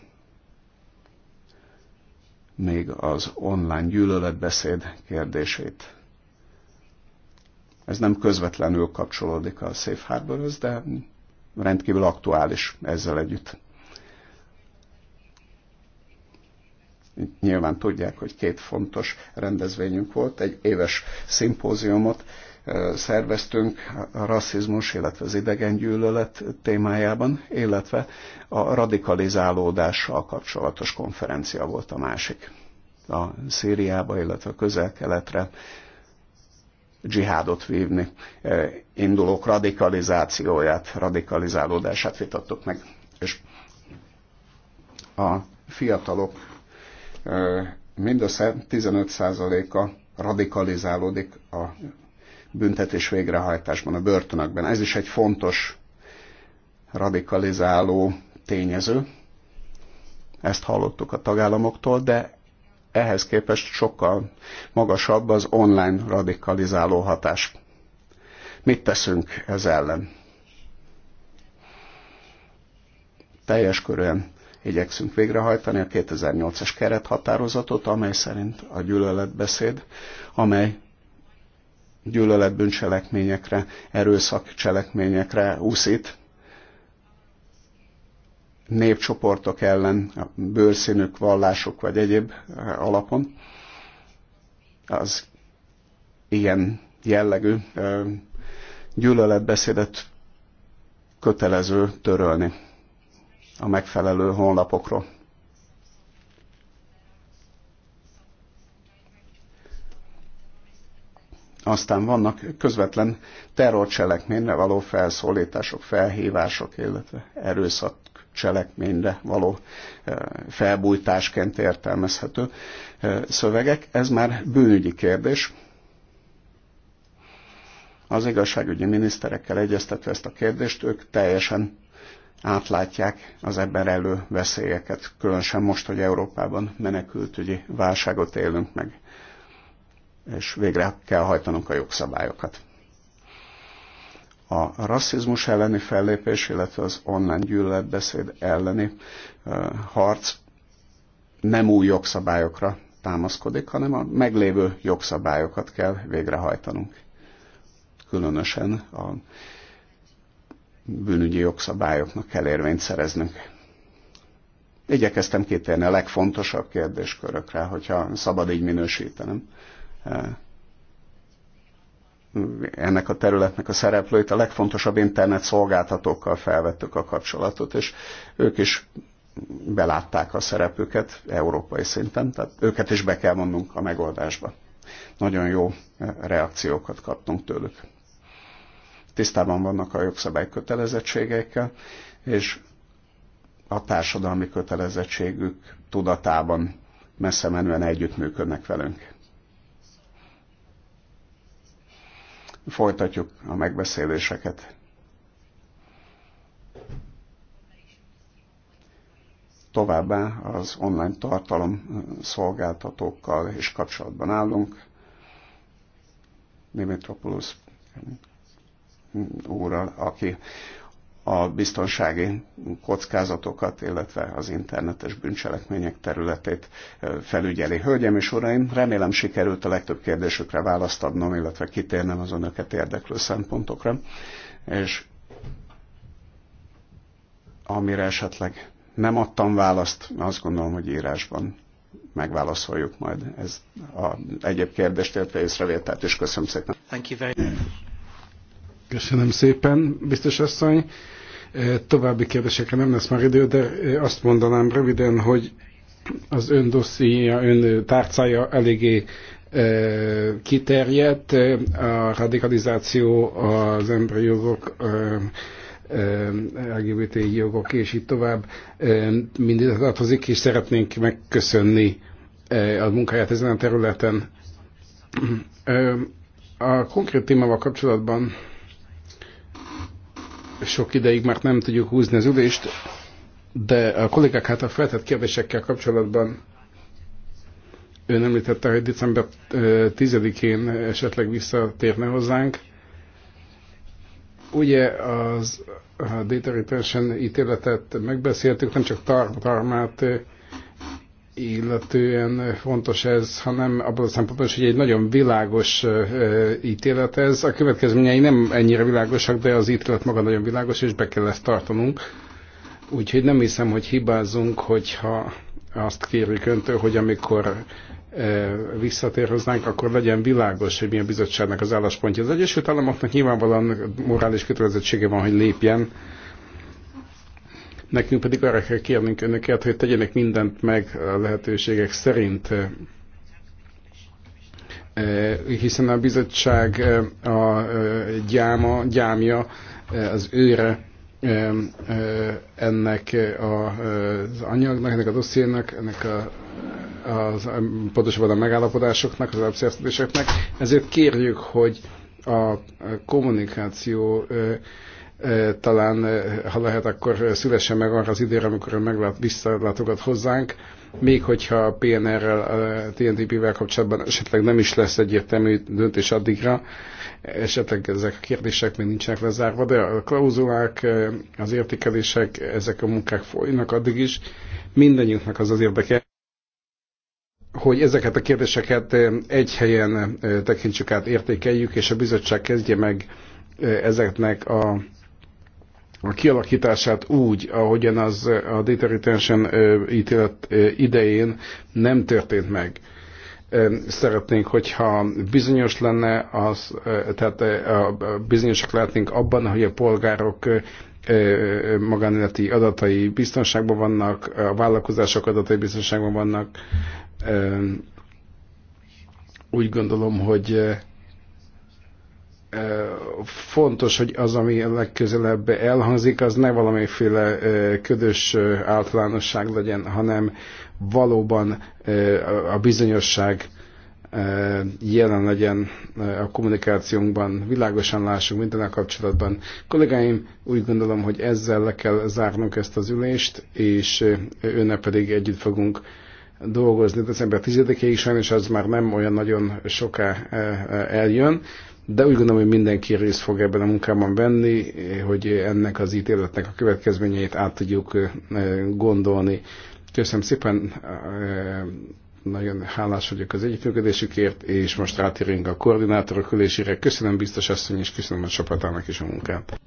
még az online gyűlöletbeszéd kérdését. Ez nem közvetlenül kapcsolódik a Safe harbor de rendkívül aktuális ezzel együtt. Nyilván tudják, hogy két fontos rendezvényünk volt, egy éves szimpóziumot szerveztünk a rasszizmus, illetve az idegengyűlölet témájában, illetve a radikalizálódással kapcsolatos konferencia volt a másik. A Szíriába, illetve a közel-keletre dzsihádot vívni, e, indulók radikalizációját, radikalizálódását vitattuk meg. És a fiatalok e, mindössze 15%-a radikalizálódik a büntetés végrehajtásban, a börtönökben. Ez is egy fontos radikalizáló tényező. Ezt hallottuk a tagállamoktól, de ehhez képest sokkal magasabb az online radikalizáló hatás. Mit teszünk ez ellen? Teljes körűen igyekszünk végrehajtani a 2008 es kerethatározatot, amely szerint a gyűlöletbeszéd, amely gyűlöletbűncselekményekre, erőszakcselekményekre úszít, népcsoportok ellen, bőrszínük, vallások vagy egyéb eh, alapon, az ilyen jellegű eh, gyűlöletbeszédet kötelező törölni a megfelelő honlapokról. Aztán vannak közvetlen terrorcselekményre való felszólítások, felhívások, illetve erőszak cselekményre való eh, felbújtásként értelmezhető eh, szövegek. Ez már bűnügyi kérdés. Az igazságügyi miniszterekkel egyeztetve ezt a kérdést, ők teljesen átlátják az ebben elő veszélyeket, különösen most, hogy Európában menekültügyi válságot élünk meg és végre kell hajtanunk a jogszabályokat. A rasszizmus elleni fellépés, illetve az online gyűlöletbeszéd elleni harc nem új jogszabályokra támaszkodik, hanem a meglévő jogszabályokat kell végrehajtanunk. Különösen a bűnügyi jogszabályoknak kell érvényt szereznünk. Igyekeztem kitérni a legfontosabb kérdéskörökre, hogyha szabad így minősítenem. Eh, ennek a területnek a szereplőit, a legfontosabb internet szolgáltatókkal felvettük a kapcsolatot, és ők is belátták a szerepüket európai szinten, tehát őket is be kell mondnunk a megoldásba. Nagyon jó eh, reakciókat kaptunk tőlük. Tisztában vannak a jogszabály kötelezettségeikkel, és a társadalmi kötelezettségük tudatában messze menően együttműködnek velünk folytatjuk a megbeszéléseket. Továbbá az online tartalom szolgáltatókkal is kapcsolatban állunk. Dimitropoulos úrral, aki a biztonsági kockázatokat, illetve az internetes bűncselekmények területét felügyeli. Hölgyeim és uraim, remélem sikerült a legtöbb kérdésükre választ adnom, illetve kitérnem az önöket érdeklő szempontokra, és amire esetleg nem adtam választ, azt gondolom, hogy írásban megválaszoljuk majd ez a egyéb kérdést, illetve észrevételt, és köszönöm szépen. Thank you very much. Köszönöm szépen, biztos asszony. E, további kérdésekre nem lesz már idő, de e, azt mondanám röviden, hogy az ön dossziéja, ön tárcája eléggé e, kiterjedt, a radikalizáció, az emberi jogok, LGBT jogok és így tovább mindig tartozik, és szeretnénk megköszönni a munkáját ezen a területen. A konkrét témával kapcsolatban sok ideig már nem tudjuk húzni az ülést, de a kollégák a feltett kérdésekkel kapcsolatban ön említette, hogy december 10-én esetleg visszatérne hozzánk. Ugye az a Data Retention ítéletet megbeszéltük, nem csak tar tarmát, illetően fontos ez, hanem abban a szempontból is, hogy egy nagyon világos ítélet ez. A következményei nem ennyire világosak, de az ítélet maga nagyon világos, és be kell ezt tartanunk. Úgyhogy nem hiszem, hogy hibázunk, hogyha azt kérjük öntől, hogy amikor visszatér hozzánk, akkor legyen világos, hogy milyen bizottságnak az álláspontja. Az Egyesült Államoknak nyilvánvalóan morális kötelezettsége van, hogy lépjen, Nekünk pedig arra kell kérnünk önöket, hogy tegyenek mindent meg a lehetőségek szerint e, hiszen a bizottság e, a e, gyáma, gyámja, az őre ennek az anyagnak, ennek a dossziénak, ennek a, az, pontosabban a megállapodásoknak, az elszerződéseknek. Ezért kérjük, hogy a kommunikáció E, talán, e, ha lehet, akkor szülessen meg arra az időre, amikor ő meglát, visszalátogat hozzánk, még hogyha a PNR-rel, a TNTP-vel kapcsolatban esetleg nem is lesz egyértelmű döntés addigra, esetleg ezek a kérdések még nincsenek lezárva, de a klauzulák, e, az értékelések, ezek a munkák folynak addig is. Mindennyiunknak az az érdeke, hogy ezeket a kérdéseket egy helyen tekintsük át, értékeljük, és a bizottság kezdje meg ezeknek a a kialakítását úgy, ahogyan az a data retention ítélet idején nem történt meg. Szeretnénk, hogyha bizonyos lenne, az, tehát bizonyosak lehetnénk abban, hogy a polgárok magánéleti adatai biztonságban vannak, a vállalkozások adatai biztonságban vannak. Úgy gondolom, hogy fontos, hogy az, ami legközelebb elhangzik, az ne valamiféle ködös általánosság legyen, hanem valóban a bizonyosság jelen legyen a kommunikációnkban, világosan lássunk minden kapcsolatban. Kollégáim, úgy gondolom, hogy ezzel le kell zárnunk ezt az ülést, és önne pedig együtt fogunk dolgozni december 10-ig, sajnos az már nem olyan nagyon soká eljön de úgy gondolom, hogy mindenki részt fog ebben a munkában venni, hogy ennek az ítéletnek a következményeit át tudjuk gondolni. Köszönöm szépen, nagyon hálás vagyok az együttműködésükért, és most rátérünk a koordinátorok ülésére. Köszönöm biztos asszony, és köszönöm a csapatának is a munkát.